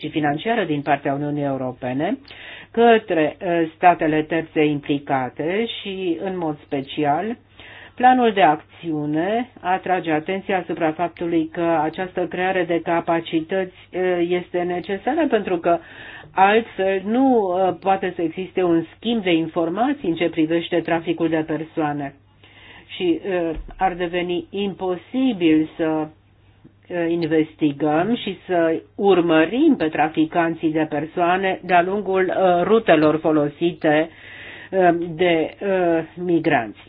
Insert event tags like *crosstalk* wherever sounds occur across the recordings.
și financiară din partea Uniunii Europene către ă, statele terțe implicate și, în mod special, Planul de acțiune atrage atenția asupra faptului că această creare de capacități ă, este necesară pentru că altfel nu ă, poate să existe un schimb de informații în ce privește traficul de persoane și ar deveni imposibil să Eh, investigăm și să urmărim pe traficanții de persoane de-a lungul eh, rutelor folosite eh, de migranți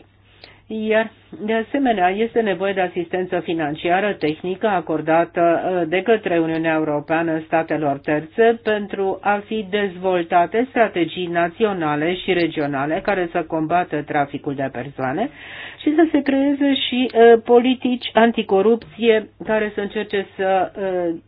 iar de asemenea este nevoie de asistență financiară tehnică acordată uh, de către Uniunea Europeană statelor terțe pentru a fi dezvoltate strategii naționale și regionale care să combată traficul de persoane și să se creeze și uh, politici anticorupție care să încerce să uh,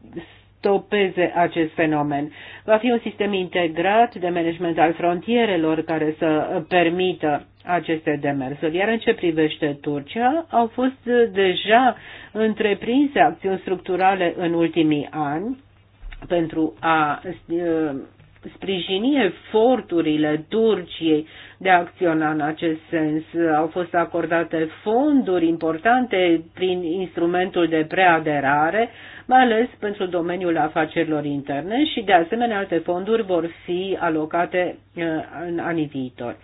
stopeze acest fenomen. Va fi un sistem integrat de management al frontierelor care să permită aceste demersuri. Iar în ce privește Turcia, au fost deja întreprinse acțiuni structurale în ultimii ani pentru a uh, sprijini eforturile Turciei de a acționa în acest sens. Au fost acordate fonduri importante prin instrumentul de preaderare, mai ales pentru domeniul afacerilor interne și de asemenea alte fonduri vor fi alocate uh, în anii viitori.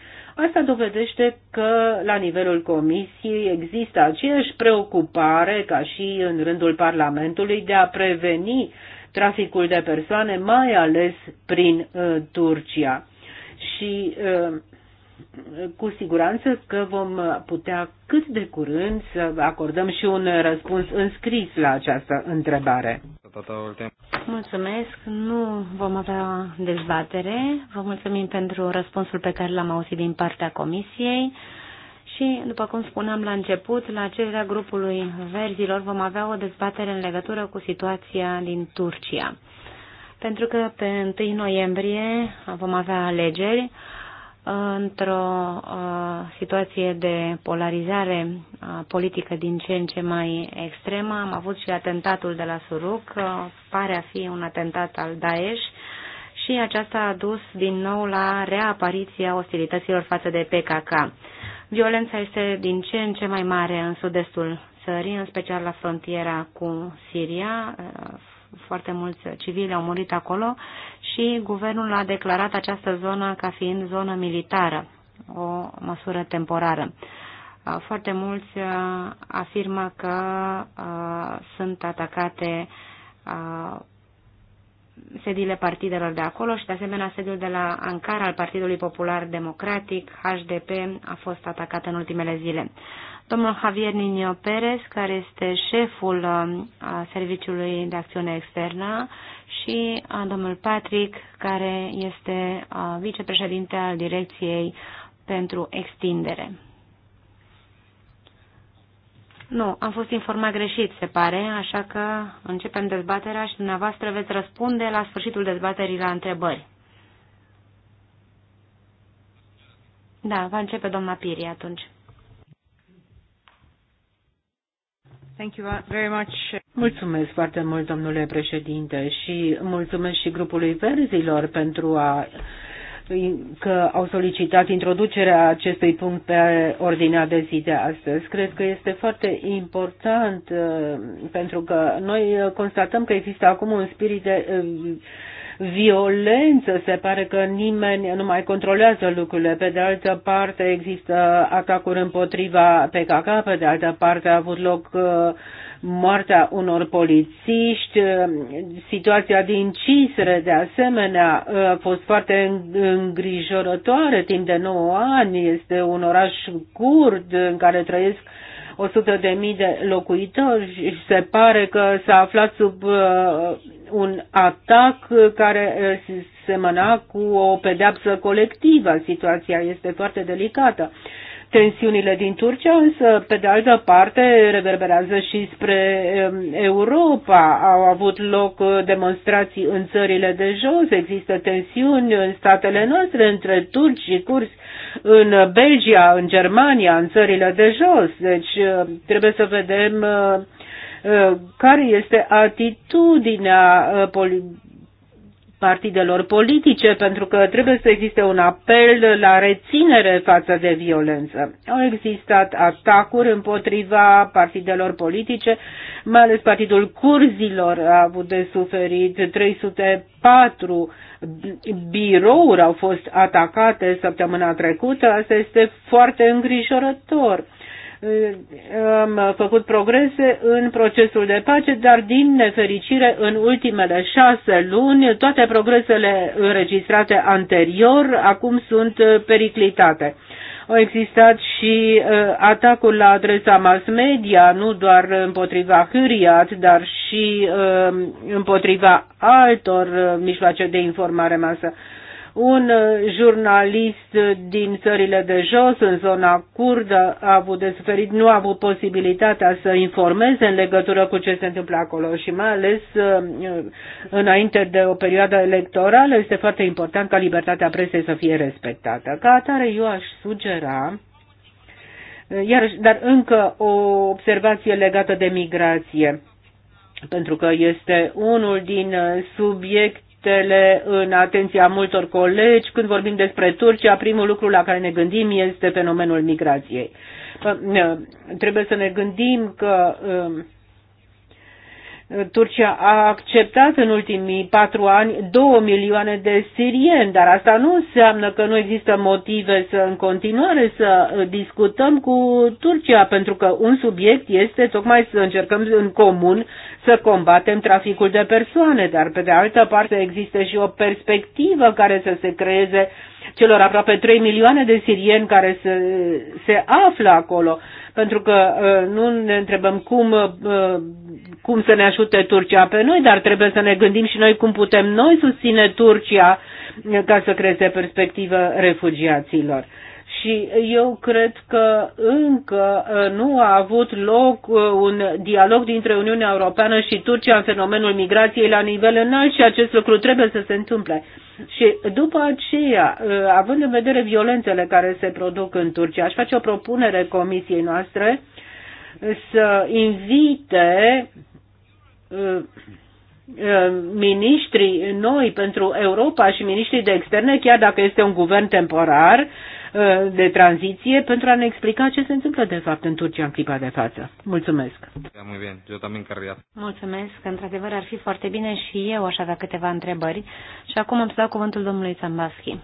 Asta dovedește că la nivelul Comisiei există aceeași preocupare ca și în rândul Parlamentului de a preveni traficul de persoane, mai ales prin uh, Turcia. Și uh, cu siguranță că vom putea cât de curând să acordăm și un răspuns înscris la această întrebare. Mulțumesc, nu vom avea dezbatere. Vă mulțumim pentru răspunsul pe care l-am auzit din partea Comisiei. Și, după cum spuneam la început, la cererea grupului verzilor vom avea o dezbatere în legătură cu situația din Turcia. Pentru că pe 1 noiembrie vom avea alegeri, într-o uh, situație de polarizare politică din ce în ce mai extremă. Am avut și atentatul de la Suruc, uh, pare a fi un atentat al Daesh și aceasta a dus din nou la reapariția ostilităților față de PKK. Violența este din ce în ce mai mare în sud-estul țării, în special la frontiera cu Siria. Uh, foarte mulți civili au murit acolo și guvernul a declarat această zonă ca fiind zonă militară, o măsură temporară. Foarte mulți afirmă că sunt atacate sediile partidelor de acolo și, de asemenea, sediul de la Ankara al Partidului Popular Democratic, HDP, a fost atacat în ultimele zile. Domnul Javier Nino Perez, care este șeful Serviciului de Acțiune Externă și domnul Patrick, care este vicepreședinte al Direcției pentru Extindere. Nu, am fost informat greșit, se pare, așa că începem dezbaterea și dumneavoastră veți răspunde la sfârșitul dezbaterii la întrebări. Da, va începe doamna Piri atunci. Thank you very much. Mulțumesc foarte mult, domnule președinte, și mulțumesc și grupului Verzilor pentru a că au solicitat introducerea acestui punct pe ordinea de zi de astăzi. Cred că este foarte important uh, pentru că noi constatăm că există acum un spirit de uh, violență. Se pare că nimeni nu mai controlează lucrurile. Pe de altă parte există atacuri împotriva PKK, pe de altă parte a avut loc uh, moartea unor polițiști. Situația din Cisre, de asemenea, a fost foarte îngrijorătoare timp de 9 ani. Este un oraș curd în care trăiesc 100.000 de locuitori și se pare că s-a aflat sub uh, un atac care uh, semăna cu o pedeapsă colectivă. Situația este foarte delicată. Tensiunile din Turcia, însă, pe de altă parte, reverberează și spre um, Europa. Au avut loc uh, demonstrații în țările de jos, există tensiuni în statele noastre între turci și cursi în Belgia, în Germania, în țările de jos. Deci uh, trebuie să vedem uh, uh, care este atitudinea partidelor politice, pentru că trebuie să existe un apel la reținere față de violență. Au existat atacuri împotriva partidelor politice, mai ales Partidul Curzilor a avut de suferit 304 birouri au fost atacate săptămâna trecută, asta este foarte îngrijorător. Am făcut progrese în procesul de pace, dar din nefericire în ultimele șase luni toate progresele înregistrate anterior acum sunt periclitate. Au existat și uh, atacul la adresa mass media, nu doar împotriva Huriat, dar și uh, împotriva altor uh, mijloace de informare masă. Un uh, jurnalist uh, din țările de jos, în zona curdă, a avut de suferit, nu a avut posibilitatea să informeze în legătură cu ce se întâmplă acolo și mai ales uh, înainte de o perioadă electorală este foarte important ca libertatea presei să fie respectată. Ca atare eu aș sugera iar, dar încă o observație legată de migrație, pentru că este unul din subiect subiectele în atenția multor colegi. Când vorbim despre Turcia, primul lucru la care ne gândim este fenomenul migrației. Trebuie să ne gândim că um, Turcia a acceptat în ultimii patru ani două milioane de sirieni, dar asta nu înseamnă că nu există motive să în continuare să uh, discutăm cu Turcia, pentru că un subiect este tocmai să încercăm în comun să combatem traficul de persoane, dar pe de altă parte există și o perspectivă care să se creeze celor aproape 3 milioane de sirieni care se, se află acolo, pentru că uh, nu ne întrebăm cum uh, cum să ne ajute Turcia pe noi, dar trebuie să ne gândim și noi cum putem noi susține Turcia ca să creeze perspectivă refugiaților. Și eu cred că încă uh, nu a avut loc uh, un dialog dintre Uniunea Europeană și Turcia în fenomenul migrației la nivel înalt și acest lucru trebuie să se întâmple. Și după aceea, uh, având în vedere violențele care se produc în Turcia, aș face o propunere comisiei noastre să invite uh, uh, miniștrii noi pentru Europa și miniștrii de externe, chiar dacă este un guvern temporar uh, de tranziție, pentru a ne explica ce se întâmplă de fapt în Turcia în clipa de față. Mulțumesc! Da, Mulțumesc! Într-adevăr, ar fi foarte bine și eu aș avea câteva întrebări. Și acum îmi dau cuvântul domnului Zambaschi.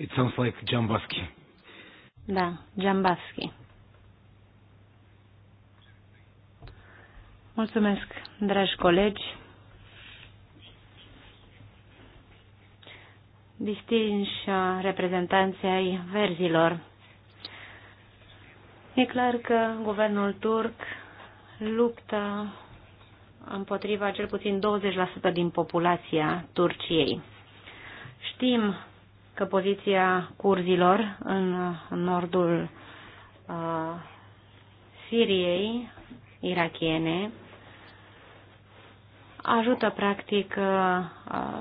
It sounds like Jambaski. Da, Giambaschi. Mulțumesc, dragi colegi. Distinși reprezentanții ai verzilor. E clar că guvernul turc luptă împotriva cel puțin 20% din populația Turciei. Știm că poziția curzilor în nordul uh, Siriei irachiene ajută practic uh, uh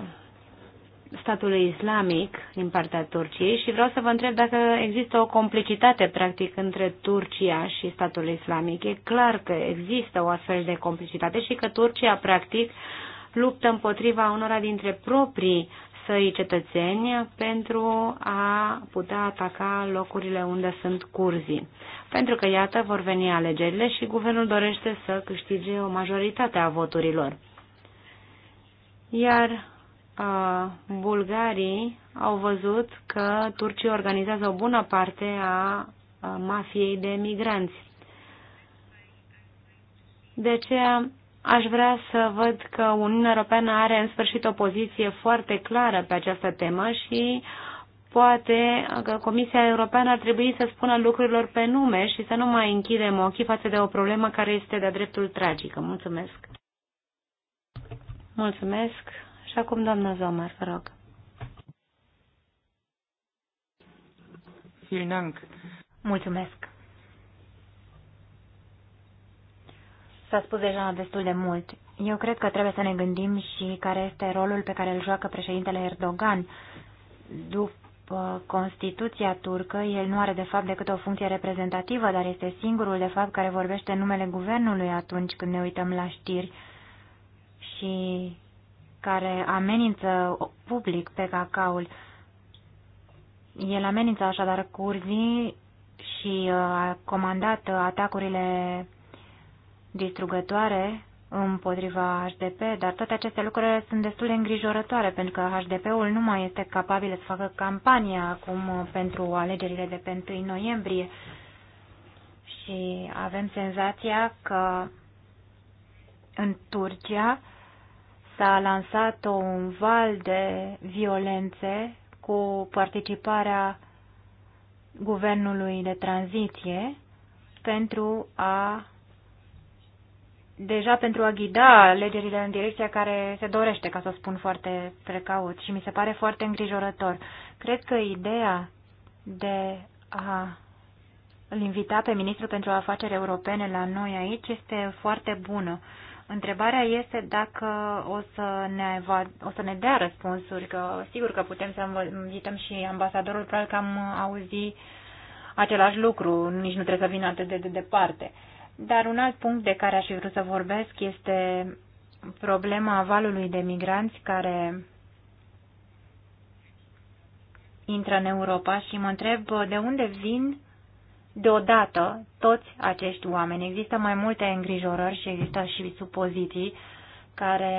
statul islamic din partea Turciei și vreau să vă întreb dacă există o complicitate practic între Turcia și statul islamic. E clar că există o astfel de complicitate și că Turcia practic luptă împotriva unora dintre proprii săi cetățeni pentru a putea ataca locurile unde sunt curzii. Pentru că, iată, vor veni alegerile și guvernul dorește să câștige o majoritate a voturilor. Iar uh, bulgarii au văzut că turcii organizează o bună parte a mafiei de migranți. De aceea Aș vrea să văd că Uniunea Europeană are în sfârșit o poziție foarte clară pe această temă și poate că Comisia Europeană ar trebui să spună lucrurilor pe nume și să nu mai închidem ochii față de o problemă care este de-a dreptul tragică. Mulțumesc! Mulțumesc! Și acum, doamna Zomar, vă rog. Mulțumesc! S-a spus deja destul de mult. Eu cred că trebuie să ne gândim și care este rolul pe care îl joacă președintele Erdogan. După Constituția turcă, el nu are de fapt decât o funcție reprezentativă, dar este singurul de fapt care vorbește în numele guvernului atunci când ne uităm la știri și care amenință public pe cacaul. El amenință așadar curzii și uh, a comandat atacurile distrugătoare împotriva HDP, dar toate aceste lucruri sunt destul de îngrijorătoare, pentru că HDP-ul nu mai este capabil să facă campania acum uh, pentru alegerile de pe 1 noiembrie și avem senzația că în Turcia s-a lansat un val de violențe cu participarea guvernului de tranziție pentru a deja pentru a ghida alegerile în direcția care se dorește, ca să o spun foarte precaut, și mi se pare foarte îngrijorător. Cred că ideea de a îl invita pe ministrul pentru afaceri europene la noi aici este foarte bună. Întrebarea este dacă o să ne, o să ne dea răspunsuri, că sigur că putem să invităm și ambasadorul, probabil că am auzit același lucru, nici nu trebuie să vină atât de, de departe. Dar un alt punct de care aș vrea să vorbesc este problema valului de migranți care intră în Europa și mă întreb uh, de unde vin deodată toți acești oameni. Există mai multe îngrijorări și există și supoziții care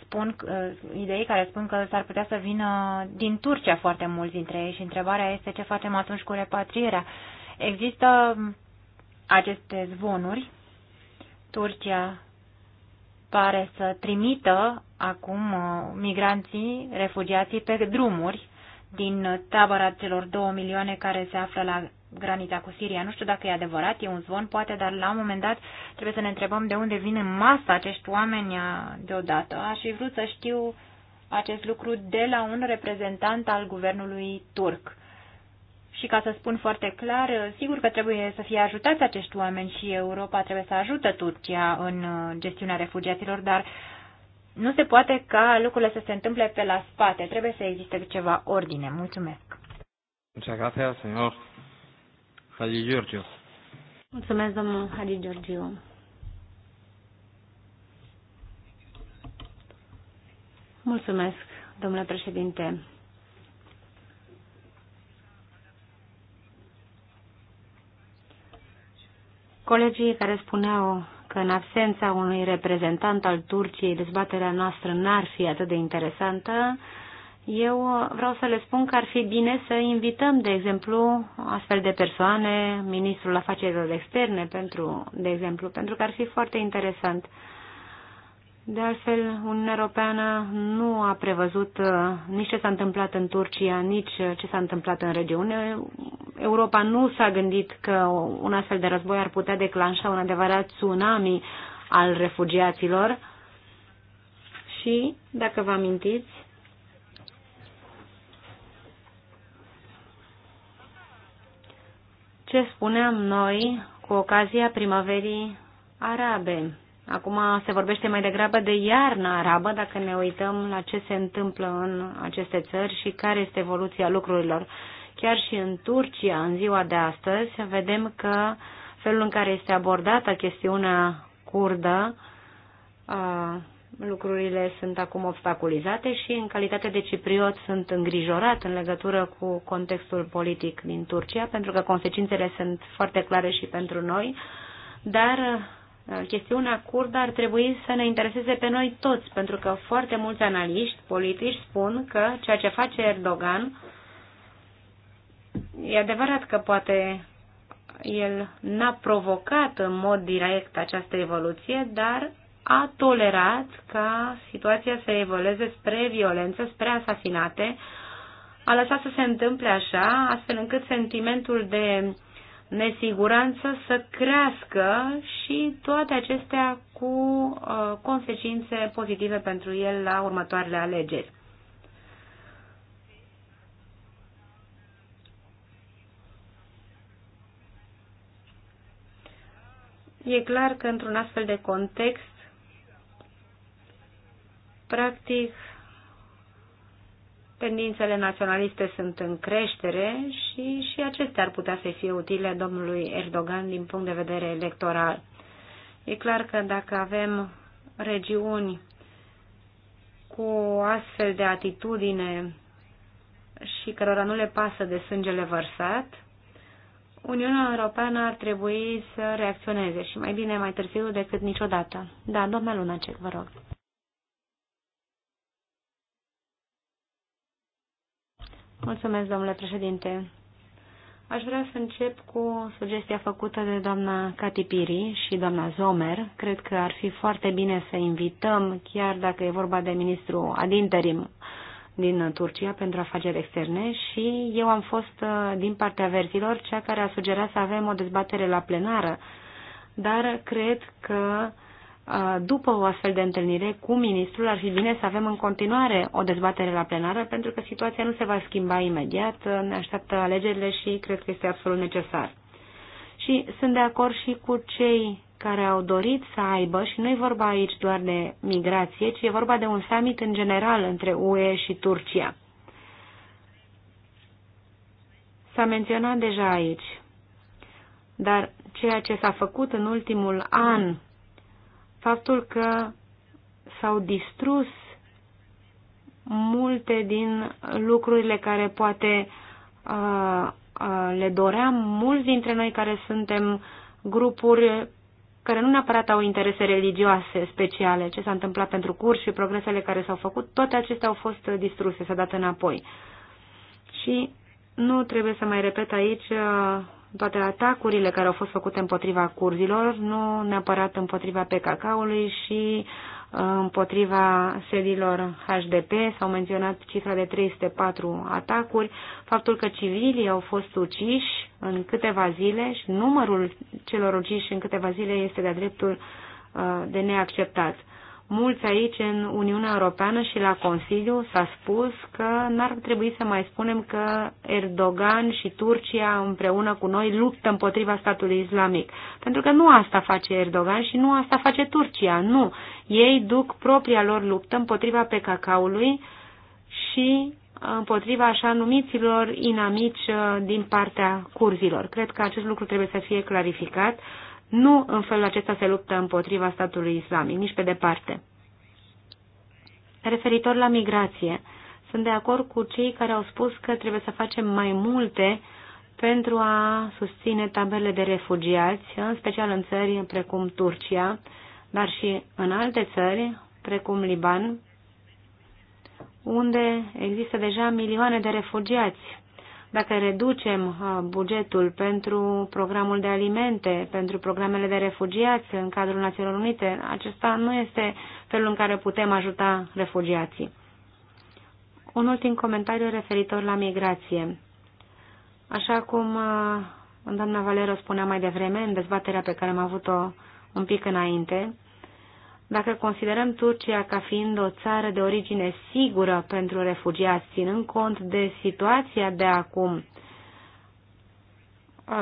spun, uh, idei care spun că s-ar putea să vină din Turcia foarte mulți dintre ei și întrebarea este ce facem atunci cu repatrierea. Există aceste zvonuri. Turcia pare să trimită acum uh, migranții, refugiații pe drumuri din tabăra celor două milioane care se află la granița cu Siria. Nu știu dacă e adevărat, e un zvon, poate, dar la un moment dat trebuie să ne întrebăm de unde vine masa acești oameni uh, deodată. Aș fi vrut să știu acest lucru de la un reprezentant al guvernului turc. Și ca să spun foarte clar, sigur că trebuie să fie ajutați acești oameni și Europa trebuie să ajută Turcia în uh, gestiunea refugiaților, dar nu se poate ca lucrurile să se întâmple pe la spate. Trebuie să existe ceva ordine. Mulțumesc. Mulțumesc, domnul Hadi Georgiu. Mulțumesc, domnule președinte. Colegii care spuneau că în absența unui reprezentant al Turciei dezbaterea noastră n-ar fi atât de interesantă, eu vreau să le spun că ar fi bine să invităm, de exemplu, astfel de persoane, ministrul afacerilor externe, pentru, de exemplu, pentru că ar fi foarte interesant. Uh, de altfel, Uniunea Europeană nu a prevăzut uh, nici ce s-a întâmplat în Turcia, nici ce s-a întâmplat în regiune. Europa nu s-a gândit că un astfel de război ar putea declanșa un adevărat tsunami al refugiaților. Și, dacă vă amintiți, ce spuneam noi cu ocazia primăverii arabe. Acum se vorbește mai degrabă de iarna arabă, dacă ne uităm la ce se întâmplă în aceste țări și care este evoluția lucrurilor. Chiar și în Turcia, în ziua de astăzi, vedem că felul în care este abordată chestiunea curdă, lucrurile sunt acum obstaculizate și în calitate de cipriot sunt îngrijorat în legătură cu contextul politic din Turcia, pentru că consecințele sunt foarte clare și pentru noi, dar Uh, chestiunea curdă ar trebui să ne intereseze pe noi toți, pentru că foarte mulți analiști politici spun că ceea ce face Erdogan e adevărat că poate el n-a provocat în mod direct această evoluție, dar a tolerat ca situația să evolueze spre violență, spre asasinate, a lăsat să se întâmple așa, astfel încât sentimentul de nesiguranță să crească și toate acestea cu uh, consecințe pozitive pentru el la următoarele alegeri. E clar că într-un astfel de context, practic, tendințele naționaliste sunt în creștere și, și acestea ar putea să fie utile domnului Erdogan din punct de vedere electoral. E clar că dacă avem regiuni cu astfel de atitudine și cărora nu le pasă de sângele vărsat, Uniunea Europeană ar trebui să reacționeze și mai bine mai târziu decât niciodată. Da, doamna Lunacek, vă rog. Mulțumesc, domnule președinte. Aș vrea să încep cu sugestia făcută de doamna Catipiri și doamna Zomer. Cred că ar fi foarte bine să invităm, chiar dacă e vorba de ministru ad interim din Turcia pentru afaceri externe și eu am fost uh, din partea verzilor cea care a sugerat să avem o dezbatere la plenară, dar cred că după o astfel de întâlnire cu ministrul, ar fi bine să avem în continuare o dezbatere la plenară, pentru că situația nu se va schimba imediat, ne așteaptă alegerile și cred că este absolut necesar. Și sunt de acord și cu cei care au dorit să aibă, și nu e vorba aici doar de migrație, ci e vorba de un summit în general între UE și Turcia. S-a menționat deja aici, dar ceea ce s-a făcut în ultimul an faptul că s-au distrus multe din lucrurile care poate uh, uh, le doream mulți dintre noi care suntem grupuri care nu neapărat au interese religioase speciale, ce s-a întâmplat pentru curs și progresele care s-au făcut, toate acestea au fost distruse, s-a dat înapoi. Și nu trebuie să mai repet aici uh, toate atacurile care au fost făcute împotriva curzilor, nu neapărat împotriva PKK-ului și uh, împotriva sediilor HDP. S-au menționat cifra de 304 atacuri, faptul că civilii au fost uciși în câteva zile și numărul celor uciși în câteva zile este de-a dreptul uh, de neacceptat. Mulți aici în Uniunea Europeană și la Consiliu s-a spus că n-ar trebui să mai spunem că Erdogan și Turcia împreună cu noi luptă împotriva statului islamic. Pentru că nu asta face Erdogan și nu asta face Turcia, nu. Ei duc propria lor luptă împotriva PKK-ului și împotriva așa numiților inamici uh, din partea curzilor. Cred că acest lucru trebuie să fie clarificat nu în felul acesta se luptă împotriva statului islamic, nici pe departe. Referitor la migrație, sunt de acord cu cei care au spus că trebuie să facem mai multe pentru a susține taberele de refugiați, în special în țări precum Turcia, dar și în alte țări precum Liban, unde există deja milioane de refugiați dacă reducem uh, bugetul pentru programul de alimente, pentru programele de refugiați în cadrul Națiunilor Unite, acesta nu este felul în care putem ajuta refugiații. Un ultim comentariu referitor la migrație. Așa cum uh, doamna Valero spunea mai devreme, în dezbaterea pe care am avut-o un pic înainte, dacă considerăm Turcia ca fiind o țară de origine sigură pentru refugiați, ținând cont de situația de acum,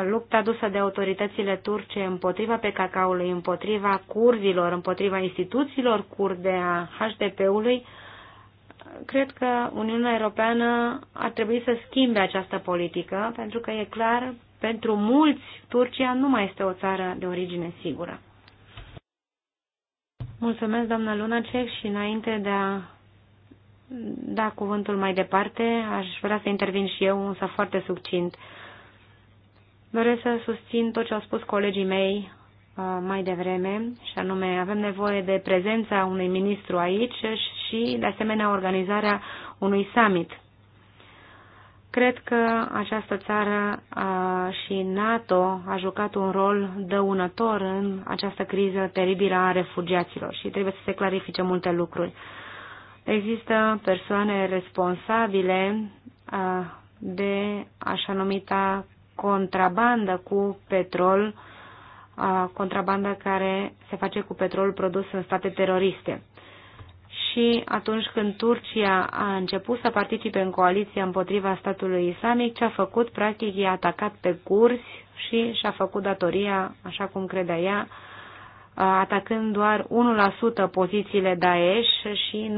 lupta dusă de autoritățile turce împotriva PKK-ului, împotriva curzilor, împotriva instituțiilor curde a HDP-ului, cred că Uniunea Europeană ar trebui să schimbe această politică, pentru că e clar, pentru mulți, Turcia nu mai este o țară de origine sigură. Mulțumesc, doamna Lunacek, și înainte de a da cuvântul mai departe, aș vrea să intervin și eu, însă foarte succint. Doresc să susțin tot ce au spus colegii mei uh, mai devreme, și anume avem nevoie de prezența unui ministru aici și, de asemenea, organizarea unui summit Cred că această țară a, și NATO a jucat un rol dăunător în această criză teribilă a refugiaților și trebuie să se clarifice multe lucruri. Există persoane responsabile a, de așa numita contrabandă cu petrol, a, contrabandă care se face cu petrol produs în state teroriste și atunci când Turcia a început să participe în coaliția împotriva statului islamic, ce a făcut, practic, i-a atacat pe curzi și și-a făcut datoria, așa cum credea ea, atacând doar 1% pozițiile Daesh și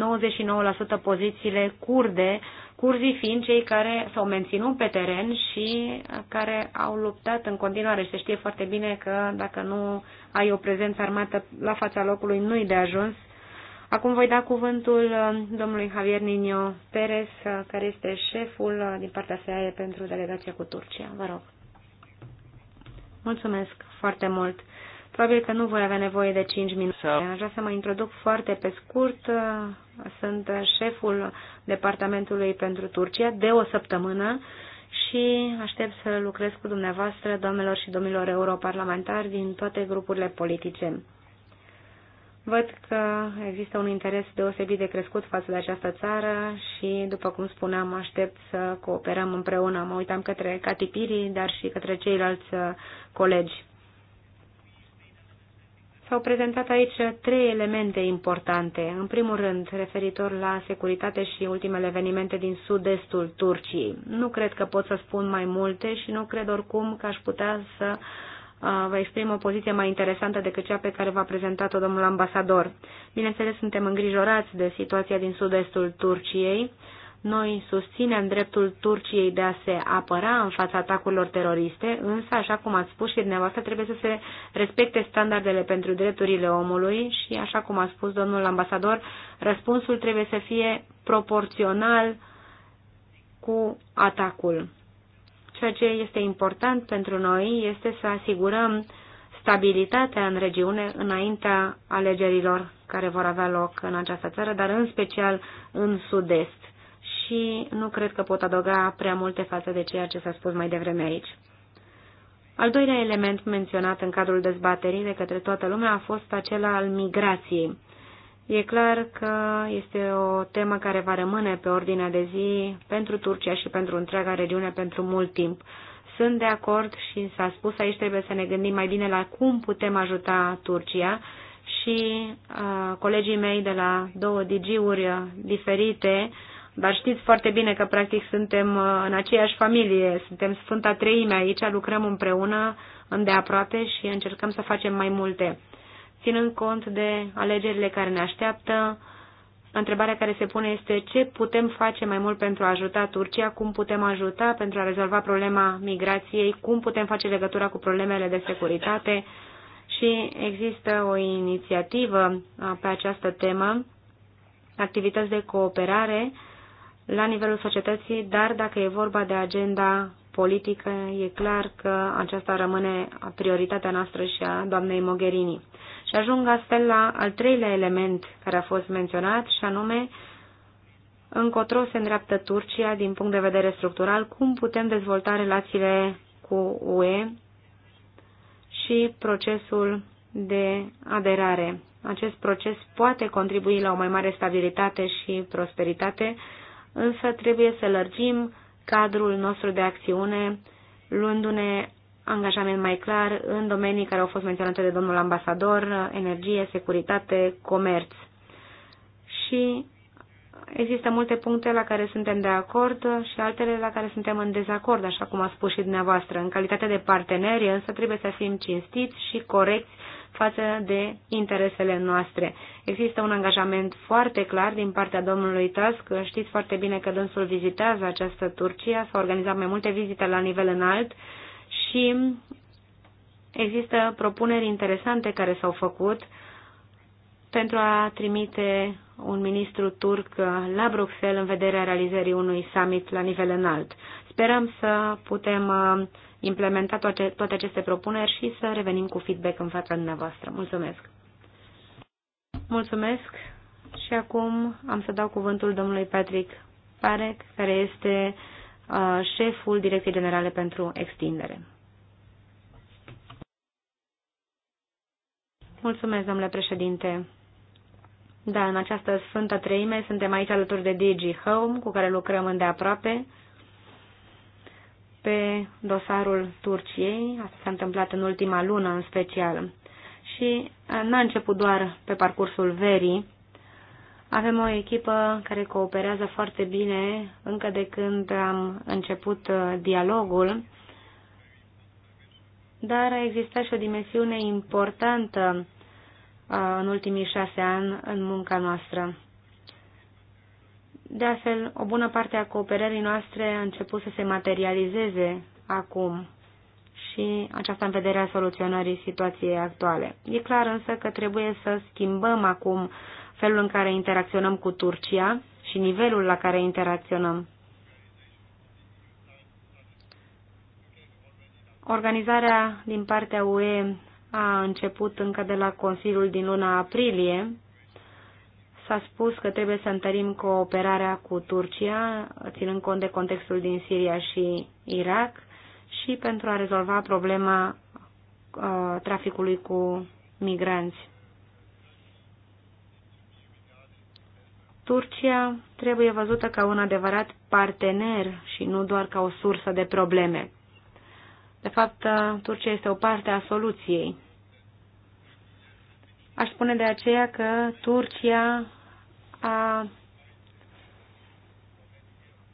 99% pozițiile kurde, curzii fiind cei care s-au menținut pe teren și care au luptat în continuare. Și se știe foarte bine că dacă nu ai o prezență armată la fața locului, nu-i de ajuns Acum voi da cuvântul uh, domnului Javier Nino Perez, uh, care este șeful uh, din partea SAE pentru delegația cu Turcia. Vă rog. Mulțumesc foarte mult. Probabil că nu voi avea nevoie de 5 minute. Aș vrea să mă introduc foarte pe scurt. Sunt șeful departamentului pentru Turcia de o săptămână și aștept să lucrez cu dumneavoastră, doamnelor și domnilor europarlamentari din toate grupurile politice. Văd că există un interes deosebit de crescut față de această țară și, după cum spuneam, aștept să cooperăm împreună. Mă uitam către Catipirii, dar și către ceilalți uh, colegi. S-au prezentat aici trei elemente importante. În primul rând, referitor la securitate și ultimele evenimente din sud-estul Turciei. Nu cred că pot să spun mai multe și nu cred oricum că aș putea să uh, vă exprim o poziție mai interesantă decât cea pe care v-a prezentat-o domnul ambasador. Bineînțeles, suntem îngrijorați de situația din sud-estul Turciei. Noi susținem dreptul Turciei de a se apăra în fața atacurilor teroriste, însă, așa cum ați spus și dumneavoastră, trebuie să se respecte standardele pentru drepturile omului și, așa cum a spus domnul ambasador, răspunsul trebuie să fie proporțional cu atacul. Ceea ce este important pentru noi este să asigurăm stabilitatea în regiune înaintea alegerilor care vor avea loc în această țară, dar în special în sud-est. Și nu cred că pot adăuga prea multe față de ceea ce s-a spus mai devreme aici. Al doilea element menționat în cadrul dezbaterii de către toată lumea a fost acela al migrației. E clar că este o temă care va rămâne pe ordinea de zi pentru Turcia și pentru întreaga regiune pentru mult timp. Sunt de acord și s-a spus aici trebuie să ne gândim mai bine la cum putem ajuta Turcia și uh, colegii mei de la două DG-uri diferite, dar știți foarte bine că practic suntem uh, în aceeași familie, suntem Sfânta Treime aici, lucrăm împreună îndeaproape și încercăm să facem mai multe ținând cont de alegerile care ne așteaptă, întrebarea care se pune este ce putem face mai mult pentru a ajuta Turcia, cum putem ajuta pentru a rezolva problema migrației, cum putem face legătura cu problemele de securitate și există o inițiativă pe această temă, activități de cooperare la nivelul societății, dar dacă e vorba de agenda politică, e clar că aceasta rămâne prioritatea noastră și a doamnei Mogherini. Și ajung astfel la al treilea element care a fost menționat, și anume încotro se îndreaptă Turcia din punct de vedere structural, cum putem dezvolta relațiile cu UE și procesul de aderare. Acest proces poate contribui la o mai mare stabilitate și prosperitate, însă trebuie să lărgim cadrul nostru de acțiune, luându-ne angajament mai clar în domenii care au fost menționate de domnul ambasador, energie, securitate, comerț. Și există multe puncte la care suntem de acord și altele la care suntem în dezacord, așa cum a spus și dumneavoastră. În calitate de parteneri, însă, trebuie să fim cinstiți și corecți față de interesele noastre. Există un angajament foarte clar din partea domnului Tusk. Știți foarte bine că dânsul vizitează această Turcia, s-au organizat mai multe vizite la nivel înalt și există propuneri interesante care s-au făcut pentru a trimite un ministru turc la Bruxelles în vederea realizării unui summit la nivel înalt. Sperăm să putem uh, implementa toate aceste propuneri și să revenim cu feedback în fața dumneavoastră. Mulțumesc! Mulțumesc și acum am să dau cuvântul domnului Patrick Parek, care este uh, șeful Direcției Generale pentru Extindere. Mulțumesc, domnule președinte. Da, în această Sfântă Treime suntem aici alături de Digi Home, cu care lucrăm îndeaproape pe dosarul Turciei. Asta s-a întâmplat în ultima lună în special. Și eh, n-a început doar pe parcursul verii. Avem o echipă care cooperează foarte bine încă de când am început eh, dialogul dar a existat și o dimensiune importantă în ultimii șase ani în munca noastră. De altfel, o bună parte a cooperării noastre a început să se materializeze acum și aceasta în vederea soluționării situației actuale. E clar însă că trebuie să schimbăm acum felul în care interacționăm cu Turcia și nivelul la care interacționăm. Organizarea din partea UE a început încă de la Consiliul din luna aprilie. S-a spus că trebuie să întărim cooperarea cu Turcia, ținând cont de contextul din Siria și Irak, și pentru a rezolva problema uh, traficului cu migranți. Turcia trebuie văzută ca un adevărat partener și nu doar ca o sursă de probleme. De fapt, uh, Turcia este o parte a soluției. Aș spune de aceea că Turcia a,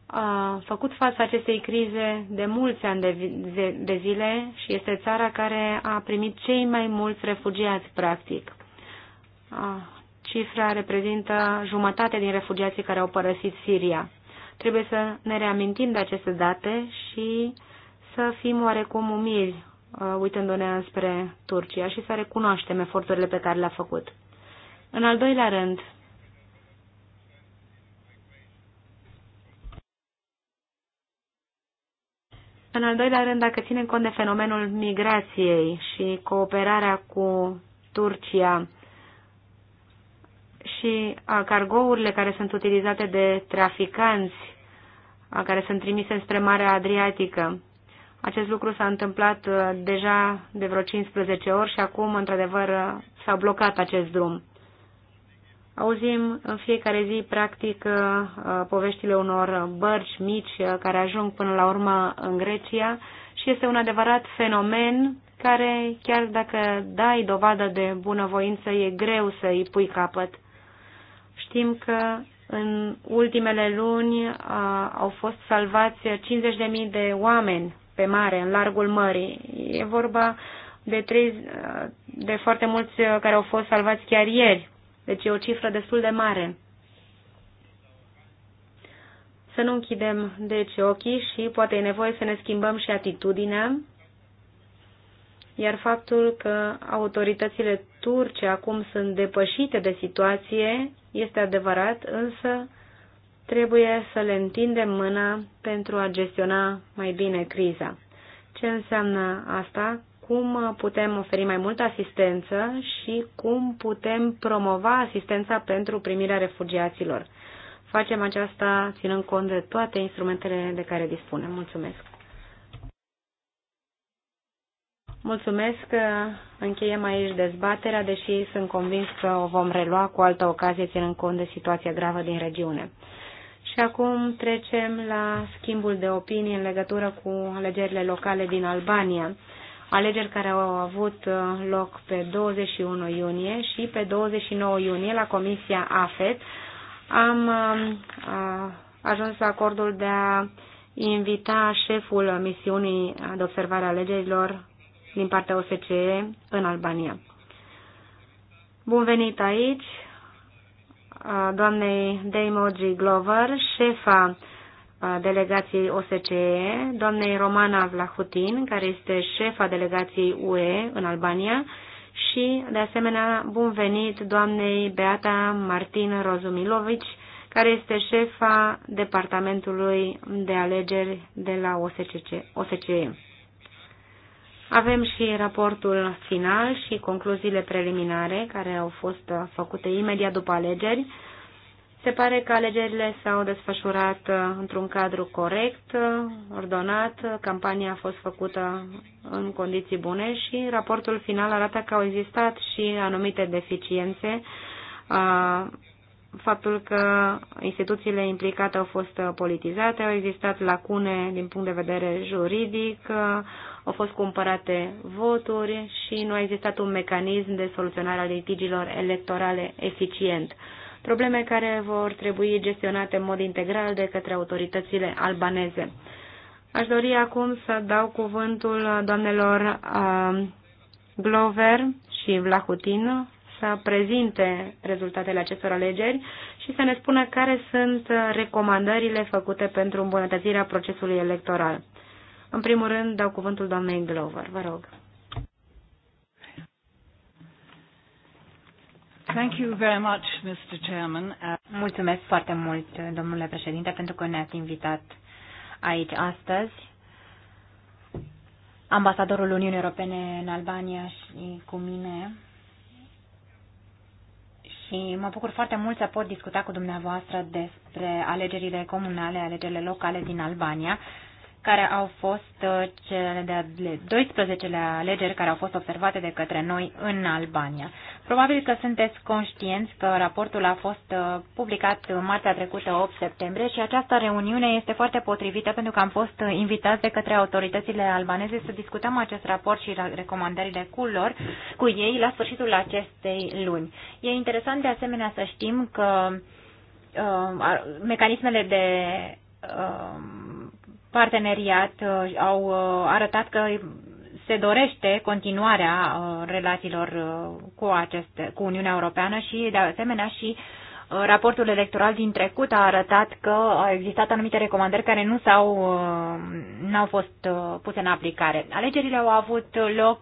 a făcut față acestei crize de mulți ani de, de, de zile și este țara care a primit cei mai mulți refugiați, practic. A, cifra reprezintă jumătate din refugiații care au părăsit Siria. Trebuie să ne reamintim de aceste date și să fim oarecum umili uh, uitându-ne înspre Turcia și să recunoaștem eforturile pe care le-a făcut. În al doilea rând, În al doilea rând, dacă ținem cont de fenomenul migrației și cooperarea cu Turcia și a cargourile care sunt utilizate de traficanți, a care sunt trimise spre Marea Adriatică, acest lucru s-a întâmplat uh, deja de vreo 15 ori și acum, într-adevăr, uh, s-a blocat acest drum. Auzim în fiecare zi, practic, uh, poveștile unor bărci mici care ajung până la urmă în Grecia și este un adevărat fenomen care, chiar dacă dai dovadă de bunăvoință, e greu să îi pui capăt. Știm că în ultimele luni au fost salvați 50.000 de oameni pe mare, în largul mării. E vorba de, trei, de foarte mulți care au fost salvați chiar ieri. Deci e o cifră destul de mare. Să nu închidem deci ochii și poate e nevoie să ne schimbăm și atitudinea, iar faptul că autoritățile turce acum sunt depășite de situație este adevărat, însă trebuie să le întindem mâna pentru a gestiona mai bine criza. Ce înseamnă asta? Cum putem oferi mai multă asistență și cum putem promova asistența pentru primirea refugiaților? Facem aceasta ținând cont de toate instrumentele de care dispunem. Mulțumesc! Mulțumesc că încheiem aici dezbaterea, deși sunt convins că o vom relua cu altă ocazie, ținând cont de situația gravă din regiune. Și acum trecem la schimbul de opinii în legătură cu alegerile locale din Albania, alegeri care au avut uh, loc pe 21 iunie și pe 29 iunie la Comisia AFET am uh, uh, ajuns la acordul de a invita șeful misiunii de observare a alegerilor din partea OSCE în Albania. Bun venit aici doamnei Deimoji Glover, șefa delegației OSCE, doamnei Romana Vlahutin, care este șefa delegației UE în Albania, și, de asemenea, bun venit doamnei Beata Martin Rozumilovici, care este șefa Departamentului de Alegeri de la OSCE. Avem și raportul final și concluziile preliminare care au fost făcute imediat după alegeri. Se pare că alegerile s-au desfășurat uh, într-un cadru corect, uh, ordonat, campania a fost făcută în condiții bune și raportul final arată că au existat și anumite deficiențe. Uh, faptul că instituțiile implicate au fost politizate, au existat lacune din punct de vedere juridic, au fost cumpărate voturi și nu a existat un mecanism de soluționare a litigilor electorale eficient. Probleme care vor trebui gestionate în mod integral de către autoritățile albaneze. Aș dori acum să dau cuvântul doamnelor um, Glover și Vlahutin să prezinte rezultatele acestor alegeri și să ne spună care sunt recomandările făcute pentru îmbunătățirea procesului electoral. În primul rând, dau cuvântul doamnei Glover. Vă rog. Thank you very much, Mr. Chairman. Uh, Mulțumesc foarte mult, domnule președinte, pentru că ne-ați invitat aici astăzi. Ambasadorul Uniunii Europene în Albania și cu mine. Și mă bucur foarte mult să pot discuta cu dumneavoastră despre alegerile comunale, alegerile locale din Albania care au fost uh, cele de 12-lea alegeri care au fost observate de către noi în Albania. Probabil că sunteți conștienți că raportul a fost uh, publicat marțea trecută, 8 septembrie, și această reuniune este foarte potrivită pentru că am fost uh, invitați de către autoritățile albaneze să discutăm acest raport și recomandările cu lor, cu ei, la sfârșitul acestei luni. E interesant de asemenea să știm că uh, mecanismele de uh, parteneriat uh, au uh, arătat că se dorește continuarea uh, relațiilor cu, aceste, cu Uniunea Europeană și, de asemenea, și raportul electoral din trecut a arătat că au existat anumite recomandări care nu s-au n-au fost puse în aplicare. Alegerile au avut loc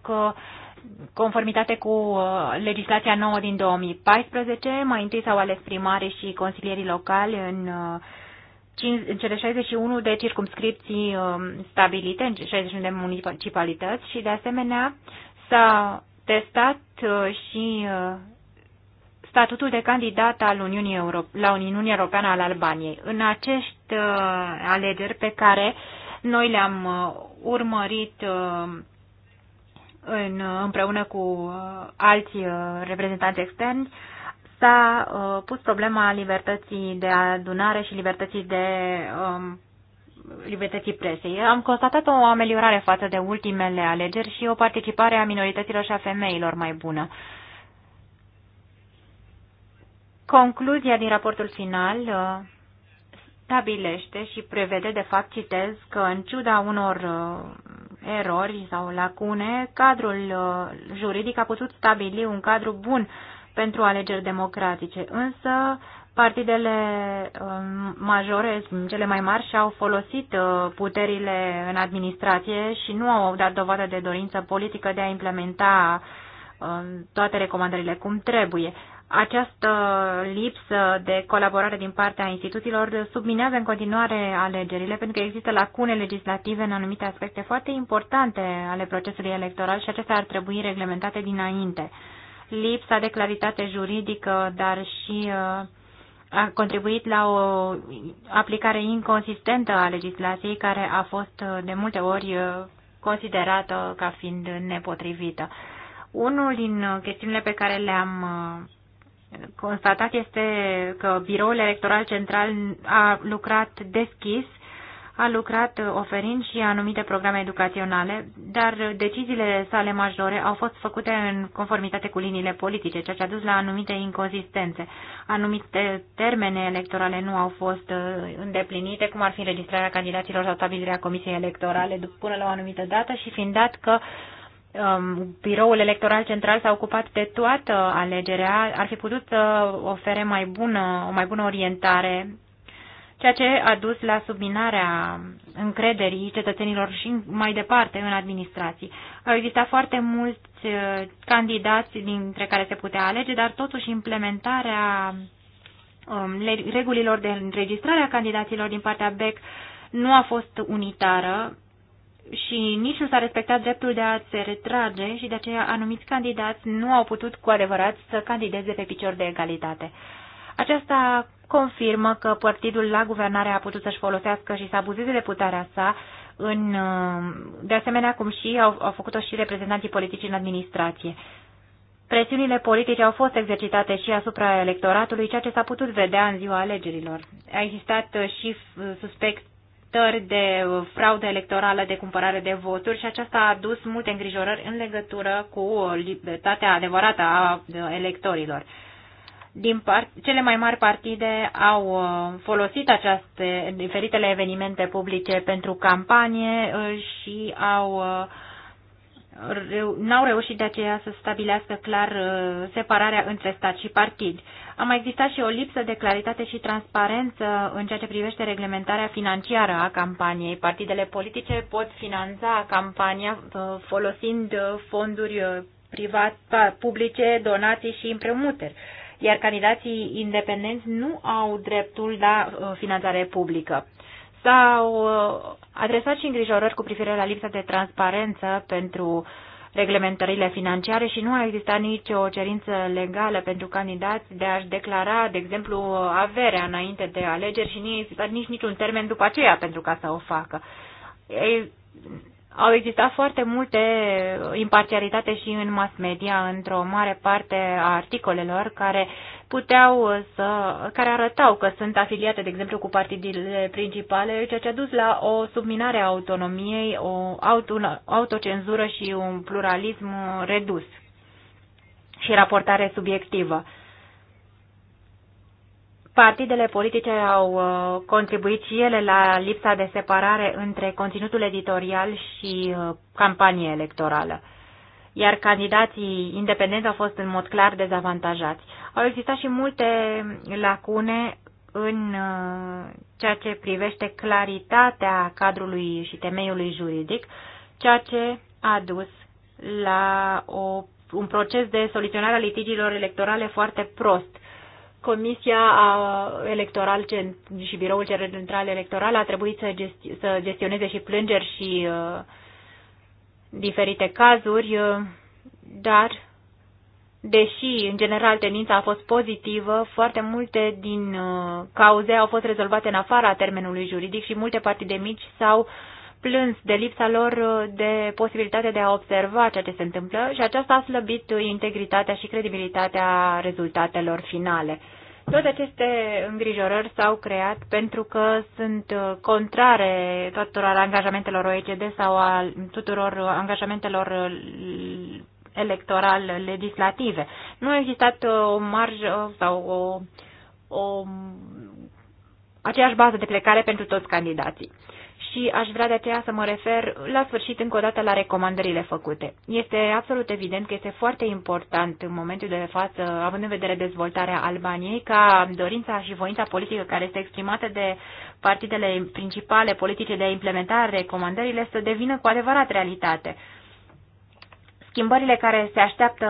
conformitate cu legislația nouă din 2014. Mai întâi s-au ales primarii și consilierii locali în în cele 61 de circumscripții um, stabilite, în 61 de municipalități și de asemenea s-a testat uh, și uh, statutul de candidat al Uniunii Euro- la Uniunea Europeană al Albaniei. În acești uh, alegeri pe care noi le-am urmărit în, împreună cu alți reprezentanți externi, s-a uh, pus problema libertății de adunare și libertății de um, libertății presei. Am constatat o ameliorare față de ultimele alegeri și o participare a minorităților și a femeilor mai bună. Concluzia din raportul final uh, stabilește și prevede, de fapt, citez, că în ciuda unor uh, erori sau lacune, cadrul uh, juridic a putut stabili un cadru bun uh, pentru alegeri democratice. Însă, partidele um, majore, cele mai mari, și-au folosit uh, puterile în administrație și nu au dat dovadă de dorință politică de a implementa um, toate recomandările cum trebuie. Această lipsă de colaborare din partea instituțiilor subminează în continuare alegerile, pentru că există lacune legislative în anumite aspecte foarte importante ale procesului electoral și acestea ar trebui reglementate dinainte lipsa de claritate juridică, dar și uh, a contribuit la o aplicare inconsistentă a legislației care a fost uh, de multe ori uh, considerată ca fiind nepotrivită. Unul din chestiunile pe care le-am constatat este că biroul electoral central a lucrat deschis a lucrat uh, oferind și anumite programe educaționale, dar deciziile sale majore au fost făcute în conformitate cu liniile politice, ceea ce a dus la anumite inconsistențe. Anumite termene electorale nu au fost uh, îndeplinite, cum ar fi înregistrarea candidaților sau stabilirea comisiei electorale până la o anumită dată și fiind dat că um, biroul electoral central s-a ocupat de toată alegerea, ar fi putut să ofere mai bună, o mai bună orientare ceea ce a dus la subminarea încrederii cetățenilor și mai departe în administrații. Au existat foarte mulți uh, candidați dintre care se putea alege, dar totuși implementarea um, regulilor de înregistrare a candidaților din partea BEC nu a fost unitară și nici nu s-a respectat dreptul de a se retrage și de aceea anumiți candidați nu au putut cu adevărat să candideze pe picior de egalitate. Aceasta confirmă că partidul la guvernare a putut să-și folosească și să abuzeze de puterea sa, în, uh, de asemenea cum și au, au făcut-o și reprezentanții politici în administrație. Presiunile politice au fost exercitate și asupra electoratului, ceea ce s-a putut vedea în ziua alegerilor. A existat uh, și uh, suspectări de fraudă electorală de cumpărare de voturi și aceasta a adus multe îngrijorări în legătură cu libertatea adevărată a electorilor din part- cele mai mari partide au uh, folosit aceste diferitele evenimente publice pentru campanie uh, și au uh, n-au reușit de aceea să stabilească clar separarea între stat și partid. A mai existat și o lipsă de claritate și transparență în ceea ce privește reglementarea financiară a campaniei. Partidele politice pot finanța campania folosind fonduri private, publice, donații și împrumuturi iar candidații independenți nu au dreptul la uh, finanțare publică. S-au uh, adresat și îngrijorări cu privire la lipsa de transparență pentru reglementările financiare și nu a existat nicio cerință legală pentru candidați de a-și declara, de exemplu, averea înainte de alegeri și nu a existat nici niciun termen după aceea pentru ca să o facă au existat foarte multe imparțialitate și în mass media, într-o mare parte a articolelor care puteau să, care arătau că sunt afiliate, de exemplu, cu partidele principale, ceea ce a dus la o subminare a autonomiei, o auto, autocenzură și un pluralism redus și raportare subiectivă. Partidele politice au uh, contribuit și ele la lipsa de separare între conținutul editorial și uh, campanie electorală iar candidații independenți au fost în mod clar dezavantajați. Au existat și multe lacune în uh, ceea ce privește claritatea cadrului și temeiului juridic, ceea ce a dus la o, un proces de soluționare a litigiilor electorale foarte prost. Comisia Electoral și Biroul Central Electoral a trebuit să, gesti să gestioneze și plângeri și uh, diferite cazuri, uh, dar, deși, în general, tendința a fost pozitivă, foarte multe din uh, cauze au fost rezolvate în afara termenului juridic și multe partide mici s-au uh, plâns de lipsa lor uh, de posibilitatea de a observa ceea ce se întâmplă și aceasta a slăbit uh, integritatea și credibilitatea rezultatelor finale. Toate aceste îngrijorări s-au creat pentru că sunt uh, contrare tuturor angajamentelor OECD sau a tuturor angajamentelor electoral legislative. Nu a existat o marjă sau o, o aceeași bază de plecare pentru toți candidații și aș vrea de aceea să mă refer la sfârșit încă o dată la recomandările făcute. Este absolut evident că este foarte important în momentul de față, având în vedere dezvoltarea Albaniei, ca dorința și voința politică care este exprimată de partidele principale politice de a implementa recomandările să devină cu adevărat realitate schimbările care se așteaptă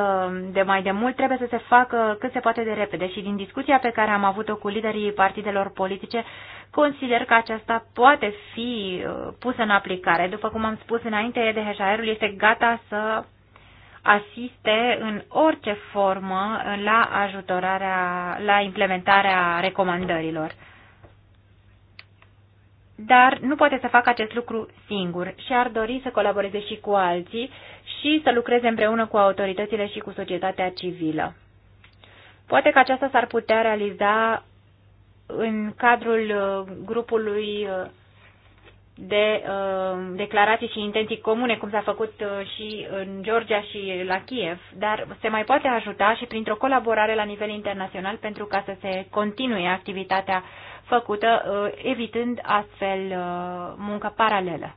de mai de mult trebuie să se facă cât se poate de repede și din discuția pe care am avut-o cu liderii partidelor politice, consider că aceasta poate fi uh, pusă în aplicare. După cum am spus înainte, EDHR-ul este gata să asiste în orice formă la ajutorarea, la implementarea recomandărilor dar nu poate să facă acest lucru singur și ar dori să colaboreze și cu alții și să lucreze împreună cu autoritățile și cu societatea civilă. Poate că aceasta s-ar putea realiza în cadrul uh, grupului uh, de uh, declarații și intenții comune, cum s-a făcut și în Georgia și la Kiev, dar se mai poate ajuta și printr-o colaborare la nivel internațional pentru ca să se continue activitatea uh, făcută, uh, evitând astfel uh, muncă paralelă.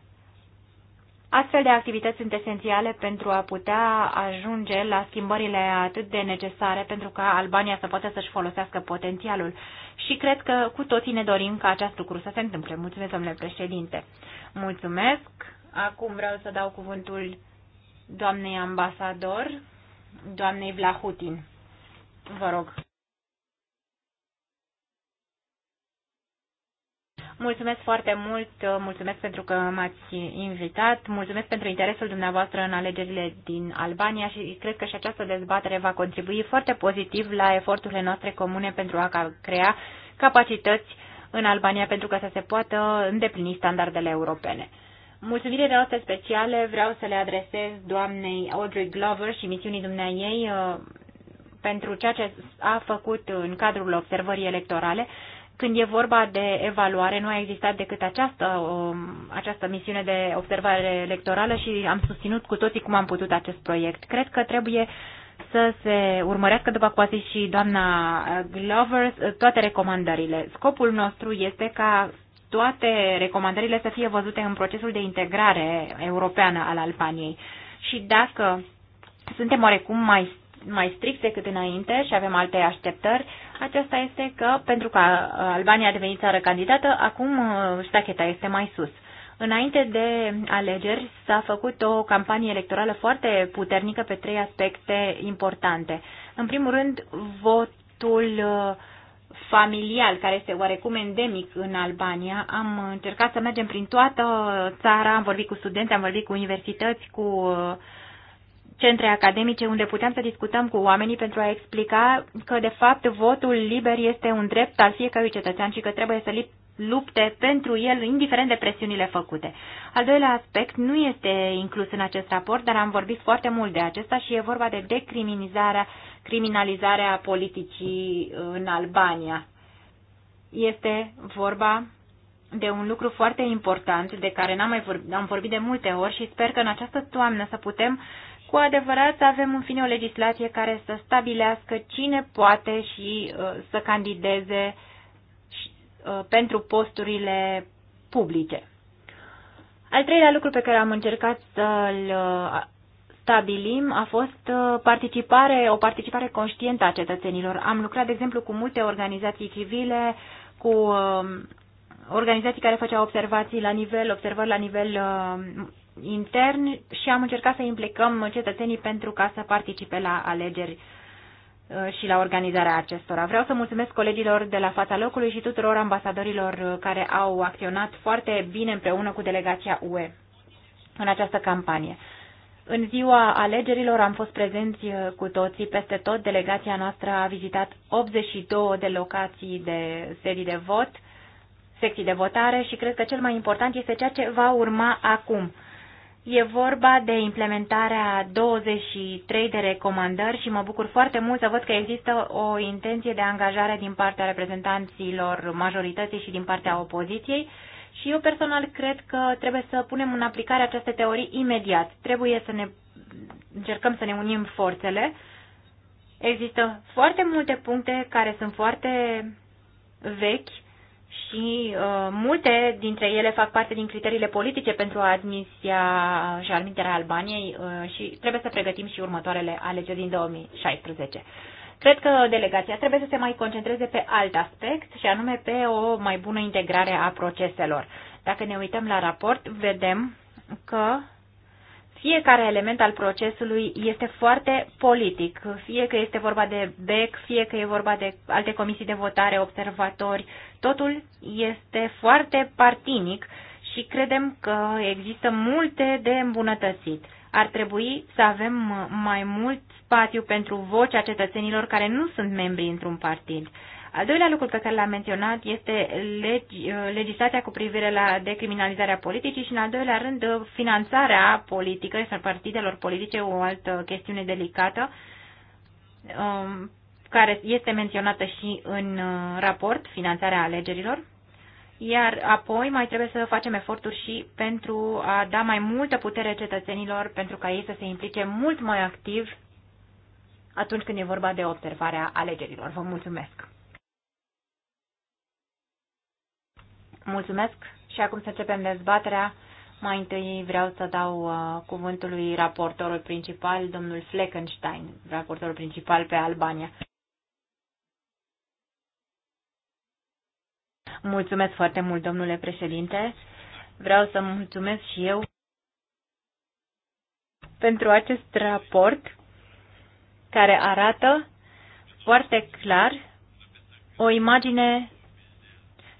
Astfel de activități sunt esențiale pentru a putea ajunge la schimbările atât de necesare pentru ca Albania să poată să-și folosească potențialul. Și cred că cu toții ne dorim ca acest lucru să se întâmple. Mulțumesc, domnule președinte. Mulțumesc. Acum vreau să dau cuvântul doamnei ambasador, doamnei Vlahutin. Vă rog. Mulțumesc foarte mult, mulțumesc pentru că m-ați invitat, mulțumesc pentru interesul dumneavoastră în alegerile din Albania și cred că și această dezbatere va contribui foarte pozitiv la eforturile noastre comune pentru a crea capacități în Albania pentru că să se poată îndeplini standardele europene. Mulțumirile noastre speciale vreau să le adresez doamnei Audrey Glover și misiunii dumneaei uh, pentru ceea ce a făcut în cadrul observării electorale, când e vorba de evaluare, nu a existat decât această, um, această misiune de observare electorală și am susținut cu toții cum am putut acest proiect. Cred că trebuie să se urmărească după cum a zis și doamna Glover toate recomandările. Scopul nostru este ca toate recomandările să fie văzute în procesul de integrare europeană al Albaniei. Și dacă suntem oarecum mai, mai stricte decât înainte și avem alte așteptări, aceasta este că, pentru că uh, Albania a devenit țară candidată, acum uh, ștacheta este mai sus. Înainte de alegeri s-a făcut o campanie electorală foarte puternică pe trei aspecte importante. În primul rând, votul uh, familial, care este oarecum endemic în Albania. Am încercat să mergem prin toată țara, am vorbit cu studenți, am vorbit cu universități, cu uh, centre academice unde puteam să discutăm cu oamenii pentru a explica că, de fapt, votul liber este un drept al fiecărui cetățean și că trebuie să lupte pentru el, indiferent de presiunile făcute. Al doilea aspect nu este inclus în acest raport, dar am vorbit foarte mult de acesta și e vorba de decriminalizarea criminalizarea politicii în Albania. Este vorba de un lucru foarte important de care n-am mai vorbit, am vorbit de multe ori și sper că în această toamnă să putem uh, cu adevărat să avem în fine o legislație care să stabilească cine poate și uh, să candideze și, uh, pentru posturile publice. Al treilea lucru pe care am încercat să-l uh, stabilim a fost uh, participare, o participare conștientă a cetățenilor. Am lucrat, de exemplu, cu multe organizații civile, cu um, organizații care făceau observații la nivel, observări la nivel uh, intern și am încercat să implicăm cetățenii pentru ca să participe la alegeri uh, și la organizarea acestora. Vreau să mulțumesc colegilor de la fața locului și tuturor ambasadorilor uh, care au acționat foarte bine împreună cu delegația UE în această campanie. În ziua alegerilor am fost prezenți uh, cu toții peste tot. Delegația noastră a vizitat 82 de locații de sedii de vot, secții de votare și cred că cel mai important este ceea ce va urma acum. E vorba de implementarea 23 de recomandări și mă bucur foarte mult să văd că există o intenție de angajare din partea reprezentanților majorității și din partea opoziției și eu personal cred că trebuie să punem în aplicare aceste teorii imediat. Trebuie să ne încercăm să ne unim forțele. Există foarte multe puncte care sunt foarte vechi și uh, multe dintre ele fac parte din criteriile politice pentru admisia și admiterea Albaniei uh, și trebuie să pregătim și următoarele alegeri din 2016. Cred că delegația trebuie să se mai concentreze pe alt aspect și anume pe o mai bună integrare a proceselor. Dacă ne uităm la raport, vedem că fiecare element al procesului este foarte politic, fie că este vorba de BEC, fie că e vorba de alte comisii de votare, observatori, totul este foarte partinic și credem că există multe de îmbunătățit. Ar trebui să avem mai mult spațiu pentru vocea cetățenilor care nu sunt membri într-un partid. Al doilea lucru pe care l-am menționat este legi, uh, legislația cu privire la decriminalizarea politicii și, în al doilea rând, finanțarea politică și partidelor politice, o altă chestiune delicată, um, care este menționată și în uh, raport, finanțarea alegerilor. Iar apoi mai trebuie să facem eforturi și pentru a da mai multă putere cetățenilor, pentru ca ei să se implice mult mai activ atunci când e vorba de observarea alegerilor. Vă mulțumesc! Mulțumesc și acum să începem dezbaterea. Mai întâi vreau să dau uh, cuvântul lui raportorul principal, domnul Fleckenstein, raportorul principal pe Albania. Mulțumesc foarte mult, domnule președinte. Vreau să mulțumesc și eu pentru acest raport care arată foarte clar o imagine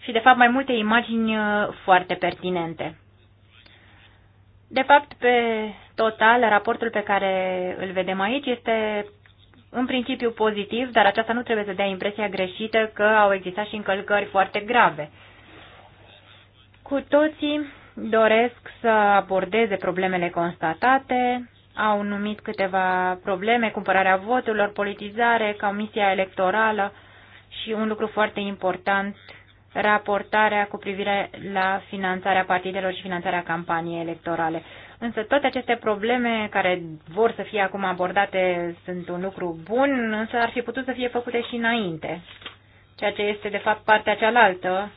și, de fapt, mai multe imagini uh, foarte pertinente. De fapt, pe total, raportul pe care îl vedem aici este în principiu pozitiv, dar aceasta nu trebuie să dea impresia greșită că au existat și încălcări foarte grave. Cu toții doresc să abordeze problemele constatate, au numit câteva probleme, cumpărarea voturilor, politizare, comisia electorală și un lucru foarte important raportarea cu privire la finanțarea partidelor și finanțarea campaniei electorale. Însă toate aceste probleme care vor să fie acum abordate sunt un lucru bun, însă ar fi putut să fie făcute și înainte, ceea ce este de fapt partea cealaltă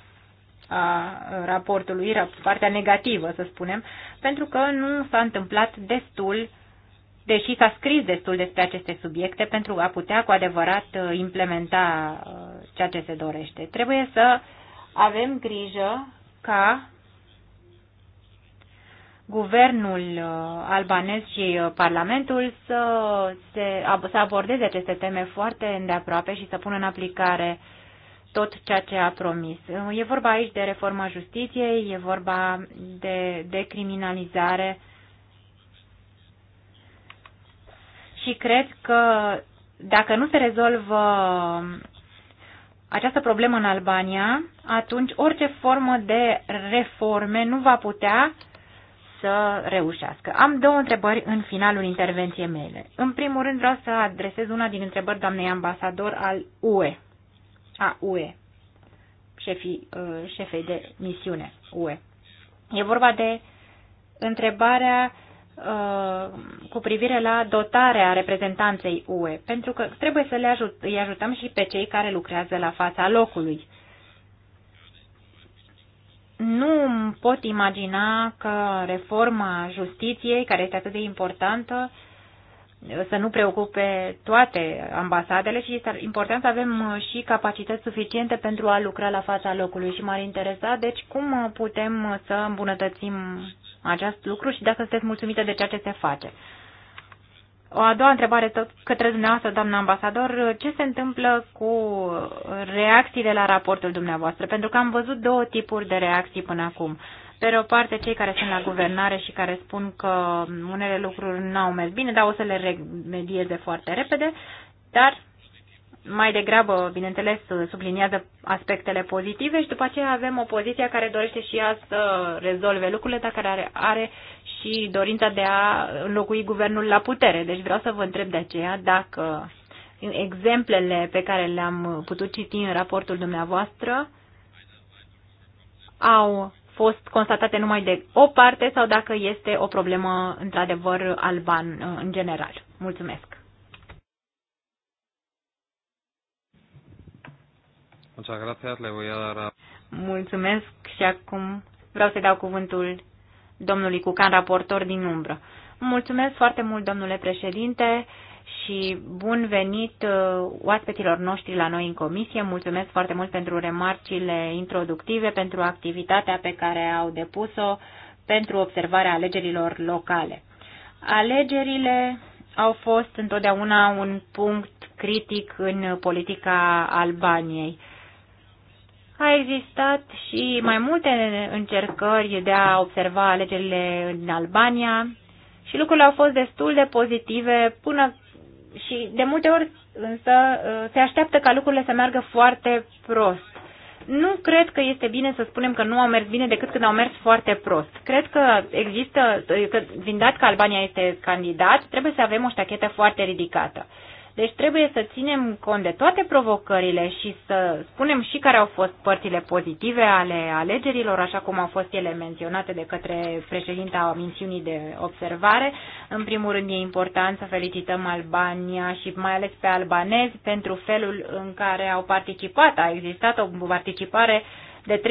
a raportului, partea negativă, să spunem, pentru că nu s-a întâmplat destul, deși s-a scris destul despre aceste subiecte, pentru a putea cu adevărat implementa uh, ceea ce se dorește. Trebuie să avem grijă ca guvernul uh, albanez și uh, Parlamentul să, se, să abordeze aceste teme foarte îndeaproape și să pună în aplicare tot ceea ce a promis. Uh, e vorba aici de reforma justiției, e vorba de decriminalizare și cred că dacă nu se rezolvă această problemă în Albania, atunci orice formă de reforme nu va putea să reușească. Am două întrebări în finalul intervenției mele. În primul rând vreau să adresez una din întrebări doamnei ambasador al UE, a UE, șefii, uh, șefei de misiune UE. E vorba de întrebarea uh, Uh, cu privire la dotarea reprezentanței UE, pentru că trebuie să le ajut, îi ajutăm și pe cei care lucrează la fața locului. Nu pot imagina că reforma justiției, care este atât de importantă, uh, să nu preocupe toate ambasadele și este important să avem uh, și capacități suficiente pentru a lucra la fața locului și m-ar interesa, deci, cum uh, putem uh, să îmbunătățim acest lucru și dacă sunteți mulțumită de ceea ce se face. O a doua întrebare tot către dumneavoastră, doamna ambasador, ce se întâmplă cu reacțiile la raportul dumneavoastră? Pentru că am văzut două tipuri de reacții până acum. Uh, pe o parte cei care sunt la guvernare și care spun că unele lucruri nu au mers bine, dar o să le remedieze foarte repede, dar mai degrabă, bineînțeles, subliniază aspectele pozitive și după aceea avem opoziția care dorește și ea să rezolve lucrurile, dar care are, are și dorința de a înlocui guvernul la putere. Deci vreau să vă întreb de aceea dacă exemplele pe care le-am putut citi în raportul dumneavoastră au fost constatate numai de o parte sau dacă este o problemă într-adevăr alban uh, în general. Mulțumesc! Mulțumesc și acum vreau să dau cuvântul domnului Cucan, raportor din umbră. Mulțumesc foarte mult, domnule președinte și bun venit uh, oaspeților noștri la noi în comisie. Mulțumesc foarte mult pentru remarcile introductive, pentru activitatea pe care au depus-o pentru observarea alegerilor locale. Alegerile au fost întotdeauna un punct critic în politica Albaniei. A existat și mai multe încercări de a observa alegerile în Albania și lucrurile au fost destul de pozitive până și de multe ori însă se așteaptă ca lucrurile să meargă foarte prost. Nu cred că este bine să spunem că nu au mers bine decât când au mers foarte prost. Cred că există, că, vindat dat că Albania este candidat, trebuie să avem o ștachetă foarte ridicată. Deci trebuie să ținem cont de toate provocările și să spunem și care au fost părțile pozitive ale alegerilor, așa cum au fost ele menționate de către președinta misiunii de observare. În primul rând e important să felicităm Albania și mai ales pe albanezi pentru felul în care au participat. A existat o participare de 31%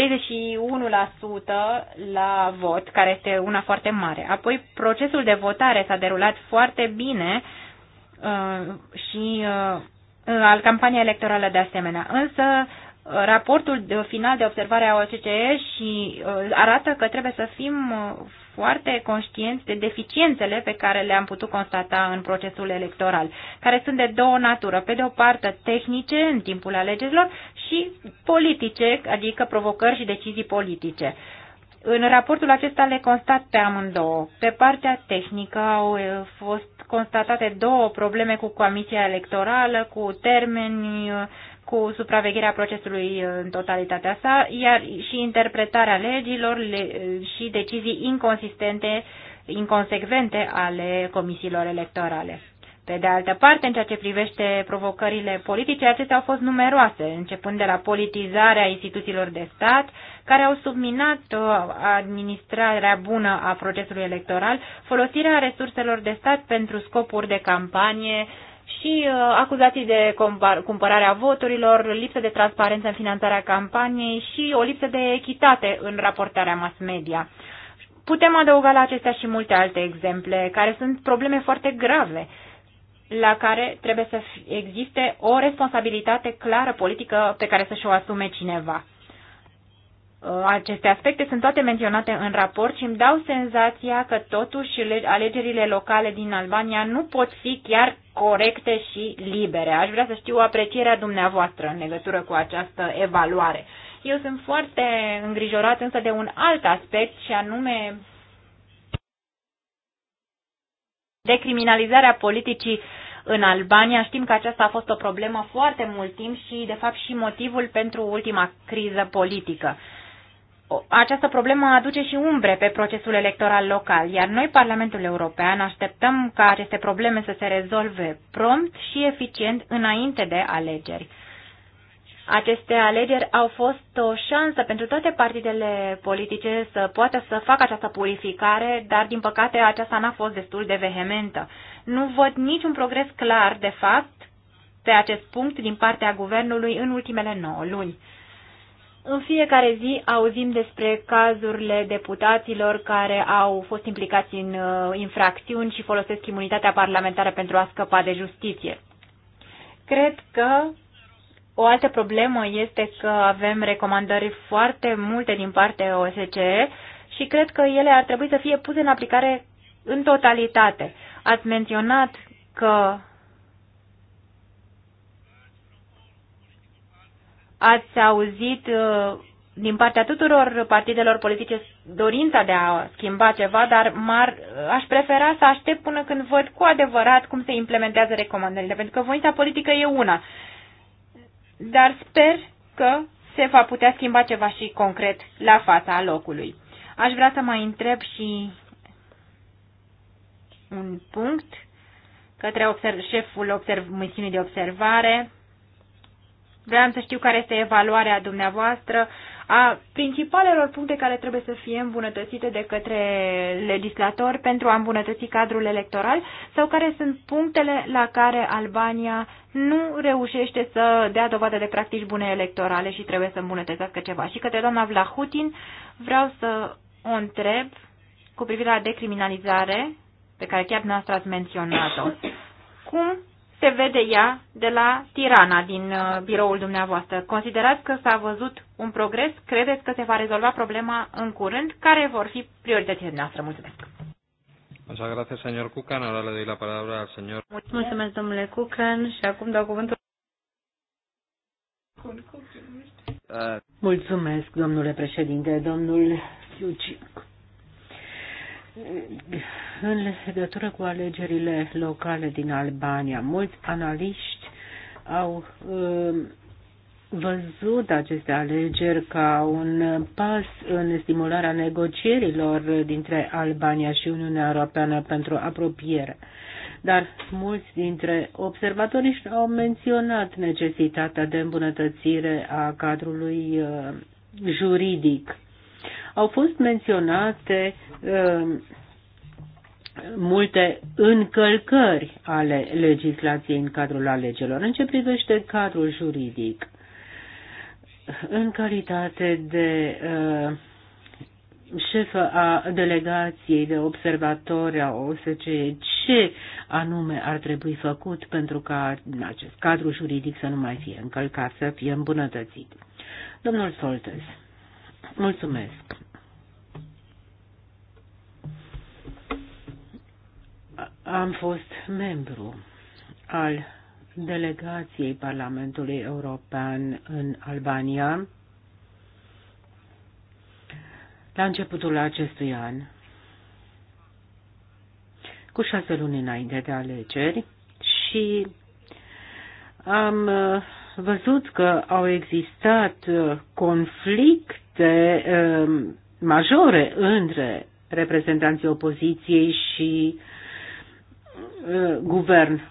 la vot, care este una foarte mare. Apoi, procesul de votare s-a derulat foarte bine Uh, și uh, uh, al campaniei electorale de asemenea. Însă, raportul final de observare a OCCE și arată că trebuie să fim foarte conștienți de deficiențele pe care le-am putut constata în procesul electoral, care sunt de două natură. Pe de o parte, tehnice în timpul alegerilor și politice, adică provocări și decizii politice. în raportul acesta le constat pe amândouă. Pe partea tehnică au fost constatate două probleme cu comisia electorală, cu termeni, cu supravegherea procesului în totalitatea sa, iar și interpretarea legilor și decizii inconsistente, inconsecvente ale comisiilor electorale. Pe de altă parte, în ceea ce privește provocările politice, acestea au fost numeroase, începând de la politizarea instituțiilor de stat, care au subminat uh, administrarea bună a procesului electoral, folosirea resurselor de stat pentru scopuri de campanie, și uh, acuzații de cumpărarea voturilor, lipsă de transparență în finanțarea campaniei și o lipsă de echitate în raportarea mass media. Putem adăuga la acestea și multe alte exemple, care sunt probleme foarte grave la care trebuie să existe o responsabilitate clară politică pe care să și-o asume cineva. Uh, aceste aspecte sunt toate menționate în raport și îmi dau senzația că totuși alegerile locale din Albania nu pot fi chiar corecte și libere. Aș vrea să știu aprecierea dumneavoastră în legătură cu această evaluare. Eu sunt foarte îngrijorat însă de un alt aspect și anume Decriminalizarea politicii în Albania. Știm că aceasta a fost o problemă foarte mult timp și, de fapt, și motivul pentru ultima criză politică. Această problemă aduce și umbre pe procesul electoral local, iar noi, Parlamentul European, așteptăm ca aceste probleme să se rezolve prompt și eficient înainte de alegeri. Aceste alegeri au fost o șansă pentru toate partidele politice să poată să facă această purificare, dar din păcate aceasta n-a fost destul de vehementă. Nu văd niciun progres clar, de fapt, pe acest punct din partea guvernului în ultimele nouă luni. În fiecare zi auzim despre cazurile deputaților care au fost implicați în uh, infracțiuni și folosesc imunitatea parlamentară pentru a scăpa de justiție. Cred că o altă problemă este că avem recomandări foarte multe din partea OSCE și cred că ele ar trebui să fie puse în aplicare în totalitate. Ați menționat că ați auzit uh, din partea tuturor partidelor politice dorința de a schimba ceva, dar ar aș prefera să aștept până când văd cu adevărat cum se implementează recomandările, pentru că voința politică e una dar sper că se va putea schimba ceva și concret la fața locului. Aș vrea să mai întreb și un punct către observ, șeful observ, misiunii de observare. Vreau să știu care este evaluarea dumneavoastră a principalelor puncte care trebuie să fie îmbunătățite de către legislator pentru a îmbunătăți cadrul electoral sau care sunt punctele la care Albania nu reușește să dea dovadă de practici bune electorale și trebuie să îmbunătățească ceva. Și către doamna Vlahutin vreau să o întreb cu privire la decriminalizare pe care chiar noastră ați menționat-o. Cum se vede ea de la Tirana, din uh, biroul dumneavoastră. Considerați că s-a văzut un progres? Credeți că se va rezolva problema în curând? Care vor fi prioritățile noastre? Mulțumesc! Mulțumesc, domnule Cucan, și acum dau cuvântul. Eh. Mulțumesc, domnule președinte, domnul Fiuci. În legătură cu alegerile locale din Albania, mulți analiști au um, văzut aceste alegeri ca un pas în stimularea negocierilor dintre Albania și Uniunea Europeană pentru apropiere. Dar mulți dintre observatori au menționat necesitatea de îmbunătățire a cadrului uh, juridic au fost menționate um, multe încălcări ale legislației în cadrul alegerilor. În ce privește cadrul juridic, în calitate de uh, șefă a delegației de observatori a OSCE, ce anume ar trebui făcut pentru ca acest cadru juridic să nu mai fie încălcat, să fie îmbunătățit. Domnul Soltes, mulțumesc. Am fost membru al delegației Parlamentului European în Albania la începutul acestui an, cu șase luni înainte de alegeri și am uh, văzut că au existat uh, conflicte uh, majore între reprezentanții opoziției și uh, Uh, guvern.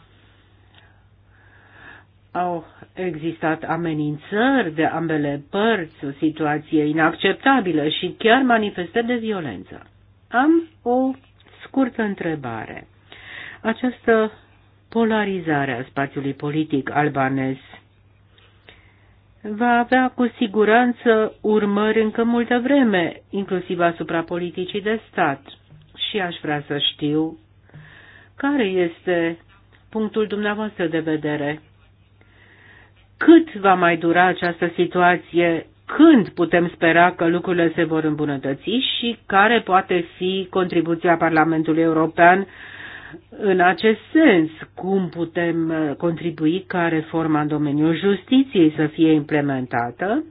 Au existat amenințări de ambele părți, o situație inacceptabilă și chiar manifestări de violență. Am o scurtă întrebare. Această polarizare a spațiului politic albanez va avea cu siguranță urmări încă multă vreme, inclusiv asupra politicii de stat. Și aș vrea să știu care este punctul dumneavoastră de vedere? Cât va mai dura această situație? Când putem spera că lucrurile se vor îmbunătăți și care poate fi contribuția Parlamentului European în acest sens? Cum putem uh, contribui ca reforma în domeniul justiției să fie implementată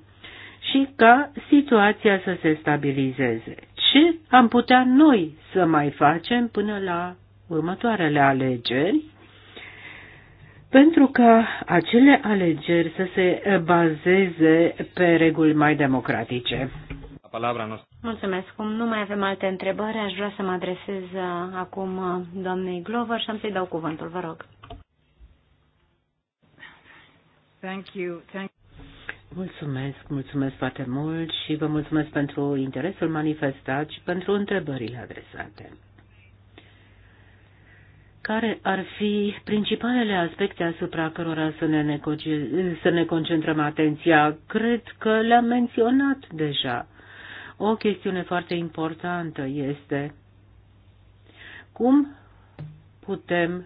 și ca situația să se stabilizeze? Ce am putea noi să mai facem până la următoarele alegeri, pentru ca acele alegeri să se bazeze pe reguli mai democratice. Mulțumesc. Cum nu mai avem alte întrebări, aș vrea să mă adresez uh, acum uh, doamnei Glover și am să-i dau cuvântul. Vă rog. Thank you. Thank Mulțumesc, mulțumesc foarte mult și vă mulțumesc pentru interesul manifestat și pentru întrebările adresate care ar fi principalele aspecte asupra cărora să ne, negoci... să ne concentrăm atenția? Cred că le-am menționat deja. O chestiune foarte importantă este cum putem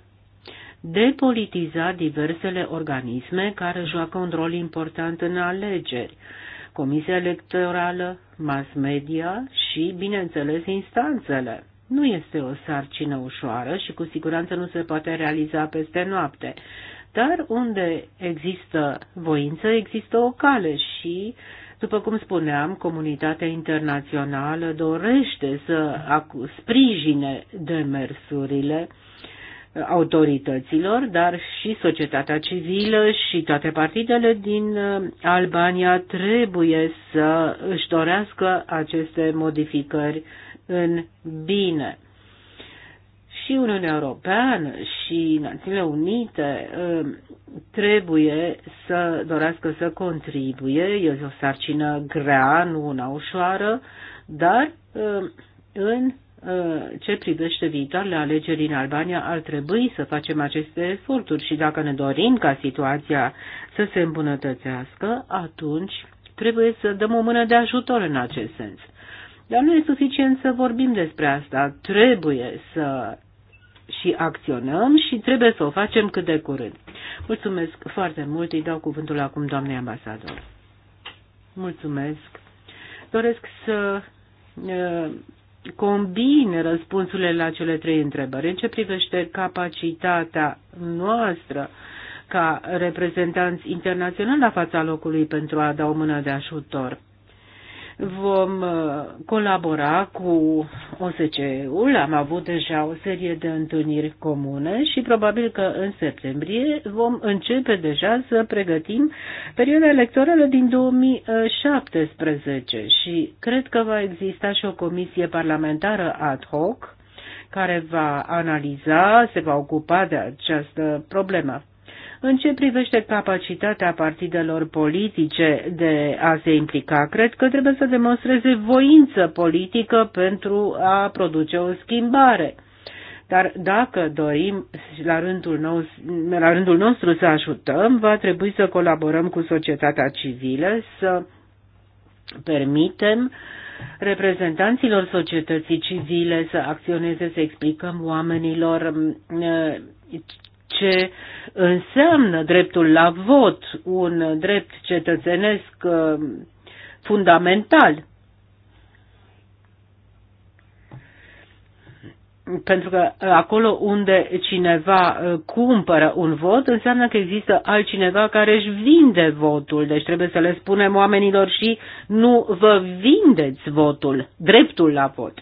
depolitiza diversele organisme care joacă un rol important în alegeri. Comisia electorală, mass media și, bineînțeles, instanțele. Nu este o sarcină ușoară și cu siguranță nu se poate realiza peste noapte, dar unde există voință, există o cale și, după cum spuneam, comunitatea internațională dorește să sprijine demersurile autorităților, dar și societatea civilă și toate partidele din uh, Albania trebuie să își dorească aceste modificări în bine. Și Uniunea Europeană și Națiunile Unite um, trebuie să dorească să contribuie. Este o sarcină grea, nu una ușoară, dar um, în uh, ce privește viitoarele alegeri în Albania, ar trebui să facem aceste eforturi și dacă ne dorim ca situația să se îmbunătățească, atunci trebuie să dăm o mână de ajutor în acest sens. Dar nu e suficient să vorbim despre asta. Trebuie să și acționăm și trebuie să o facem cât de curând. Mulțumesc foarte mult. Îi dau cuvântul acum doamnei ambasador. Mulțumesc. Doresc să combin răspunsurile la cele trei întrebări. În ce privește capacitatea noastră ca reprezentanți internaționali la fața locului pentru a da o mână de ajutor? Vom uh, colabora cu OSCE-ul, am avut deja o serie de întâlniri comune și probabil că în septembrie vom începe deja să pregătim perioada electorală din 2017 și cred că va exista și o comisie parlamentară ad hoc care va analiza, se va ocupa de această problemă. În ce privește capacitatea partidelor politice de a se implica, cred că trebuie să demonstreze voință politică pentru a produce o schimbare. Dar dacă dorim la rândul, nostru, la rândul nostru să ajutăm, va trebui să colaborăm cu societatea civilă, să permitem reprezentanților societății civile să acționeze, să explicăm oamenilor ce înseamnă dreptul la vot, un drept cetățenesc uh, fundamental. Pentru că acolo unde cineva uh, cumpără un vot, înseamnă că există altcineva care își vinde votul. Deci trebuie să le spunem oamenilor și nu vă vindeți votul, dreptul la vot.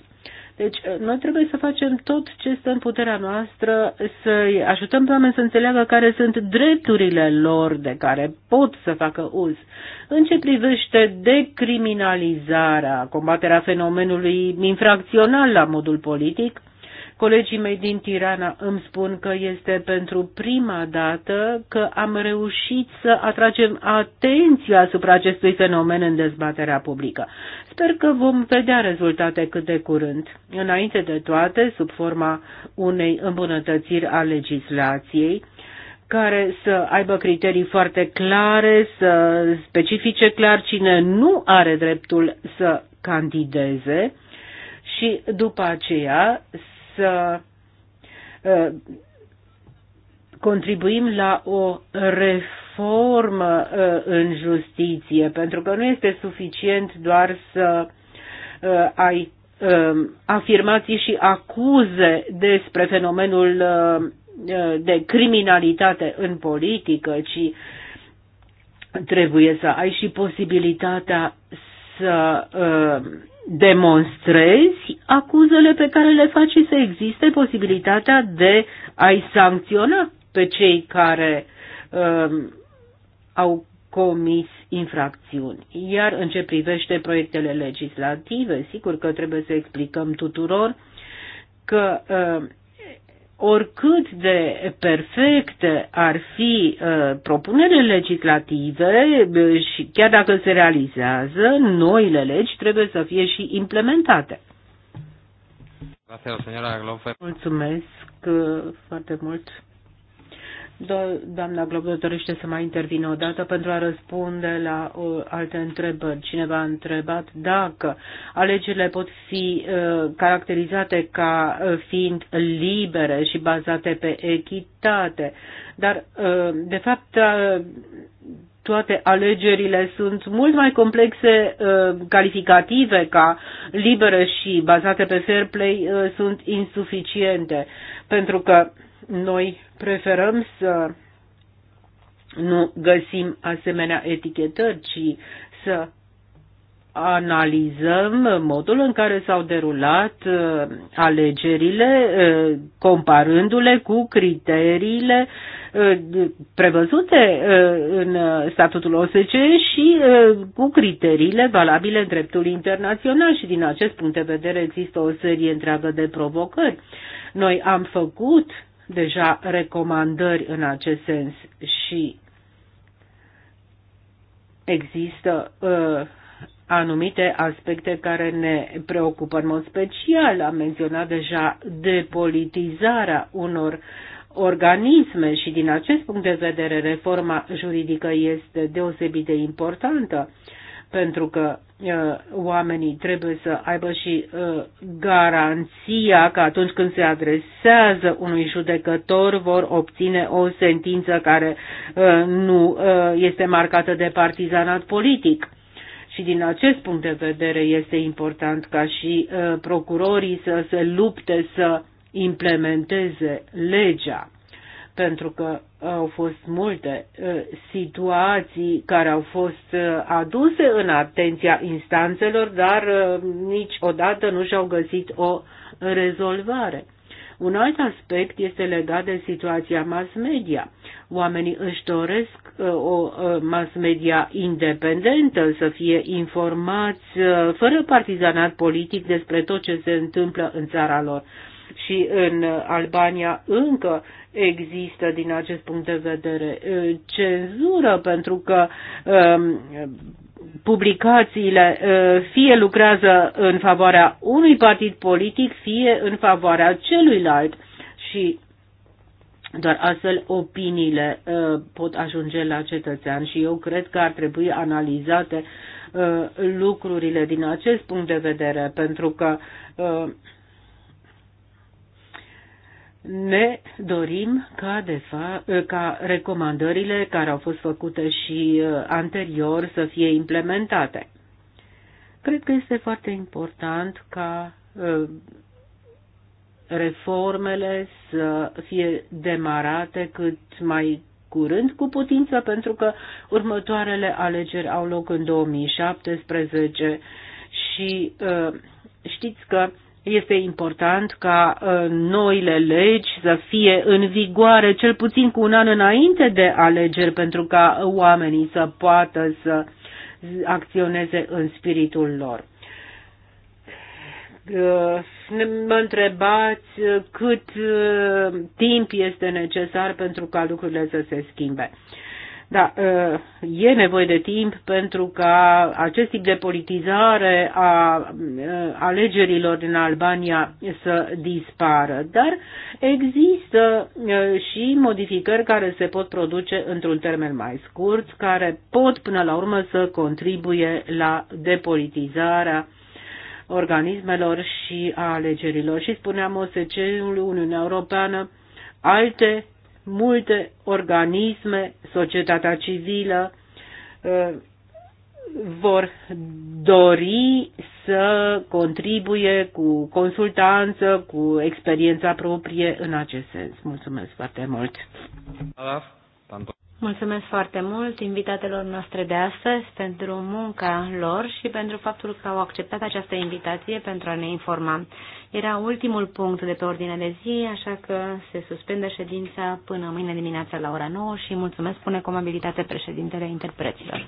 Deci, eh, noi trebuie să facem tot ce stă în puterea noastră, să-i ajutăm pe oameni să înțeleagă care sunt drepturile lor de care pot să facă uz. În ce privește decriminalizarea, combaterea fenomenului infracțional la modul politic, Colegii mei din Tirana îmi spun că este pentru prima dată că am reușit să atragem atenția asupra acestui fenomen în dezbaterea publică. Sper că vom vedea rezultate cât de curând, înainte de toate sub forma unei îmbunătățiri a legislației care să aibă criterii foarte clare, să specifice clar cine nu are dreptul să candideze și după aceea să uh, contribuim la o reformă uh, în justiție, pentru că nu este suficient doar să uh, ai um, afirmații și acuze despre fenomenul de criminalitate în politică, ci trebuie să ai și posibilitatea să demonstrezi acuzele pe care le faci și să existe posibilitatea de a-i sancționa pe cei care uh, au comis infracțiuni. Iar în ce privește proiectele legislative, sigur că trebuie să explicăm tuturor că uh, oricât de perfecte ar fi uh, propunerile legislative uh, și chiar dacă se realizează, noile legi trebuie să fie și implementate. Mulțumesc uh, foarte mult. Do- doamna Globos dorește să mai intervină o dată pentru a răspunde la o, alte întrebări. Cineva a întrebat dacă alegerile pot fi uh, caracterizate ca uh, fiind libere și bazate pe echitate, dar uh, de fapt uh, toate alegerile sunt mult mai complexe, uh, calificative ca libere și bazate pe fair play uh, sunt insuficiente, pentru că uh, noi preferăm să nu găsim asemenea etichetări, ci să analizăm modul în care s-au derulat uh, alegerile, uh, comparându-le cu criteriile uh, prevăzute în statutul OSCE și cu criteriile valabile în dreptul internațional și din acest punct de vedere există o serie întreagă de provocări. Noi am făcut deja recomandări în acest sens și există uh, anumite aspecte care ne preocupă în mod special. Am menționat deja depolitizarea unor organisme și din acest punct de vedere reforma juridică este deosebit de importantă pentru că Uh, oamenii trebuie să aibă și uh, garanția că atunci când se adresează unui judecător vor obține o sentință care uh, nu este marcată de partizanat politic. Și din acest punct de vedere este important ca și procurorii să se lupte să implementeze legea pentru că au fost multe uh, situații care au fost uh, aduse în atenția instanțelor, dar uh, niciodată nu și-au găsit o rezolvare. Un alt aspect este legat de situația mass media. Oamenii își doresc o mass media independentă, să fie informați fără partizanat politic despre tot ce se întâmplă în țara lor și în Albania încă există din acest punct de vedere uh, cenzură pentru că um, publicațiile uh, fie lucrează în favoarea unui partid politic, fie în favoarea celuilalt și doar astfel opiniile uh, pot ajunge la cetățean și eu cred că ar trebui analizate lucrurile din acest punct de vedere, pentru că ne dorim ca, de fa- ca recomandările care au fost făcute și uh, anterior să fie implementate. Cred că este foarte important ca uh, reformele să fie demarate cât mai curând cu putință, pentru că următoarele alegeri au loc în 2017 și uh, știți că este important ca ă, noile legi să fie în vigoare cel puțin cu un an înainte de alegeri pentru ca oamenii să poată să acționeze în spiritul lor. Ă, mă întrebați cât ă, timp este necesar pentru ca lucrurile să se schimbe. Da, uh, e nevoie de timp pentru ca acest tip de politizare a uh, alegerilor din Albania să dispară, dar există uh, și modificări care se pot produce într-un termen mai scurt, care pot până la urmă să contribuie la depolitizarea organismelor și a alegerilor. Și spuneam OSCE-ul, Uniunea Europeană, alte multe organisme, societatea civilă uh, vor dori să contribuie cu consultanță, cu experiența proprie în acest sens. Mulțumesc foarte mult! Mulțumesc foarte mult invitatelor noastre de astăzi pentru munca lor și pentru faptul că au acceptat această invitație pentru a ne informa. Era ultimul punct de pe ordine de zi, așa că se suspendă ședința până mâine dimineața la ora 9 și mulțumesc pune cu amabilitate președintele interpreților.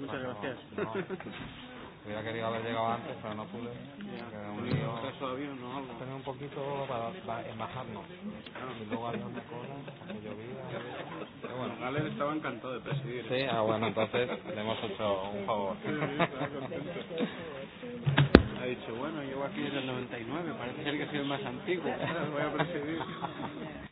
Muchas gracias. *laughs* Hubiera querido haber llegado antes, pero no pude. Era un lío. Tener un poquito para, para embajarnos. Y luego había una cola, que llovía. Pero bueno. Galen estaba encantado de presidir. Sí, ah, bueno, entonces le hemos hecho un favor. ha dicho, bueno, llevo aquí desde el 99, parece ser que soy el más antiguo. Voy a presidir.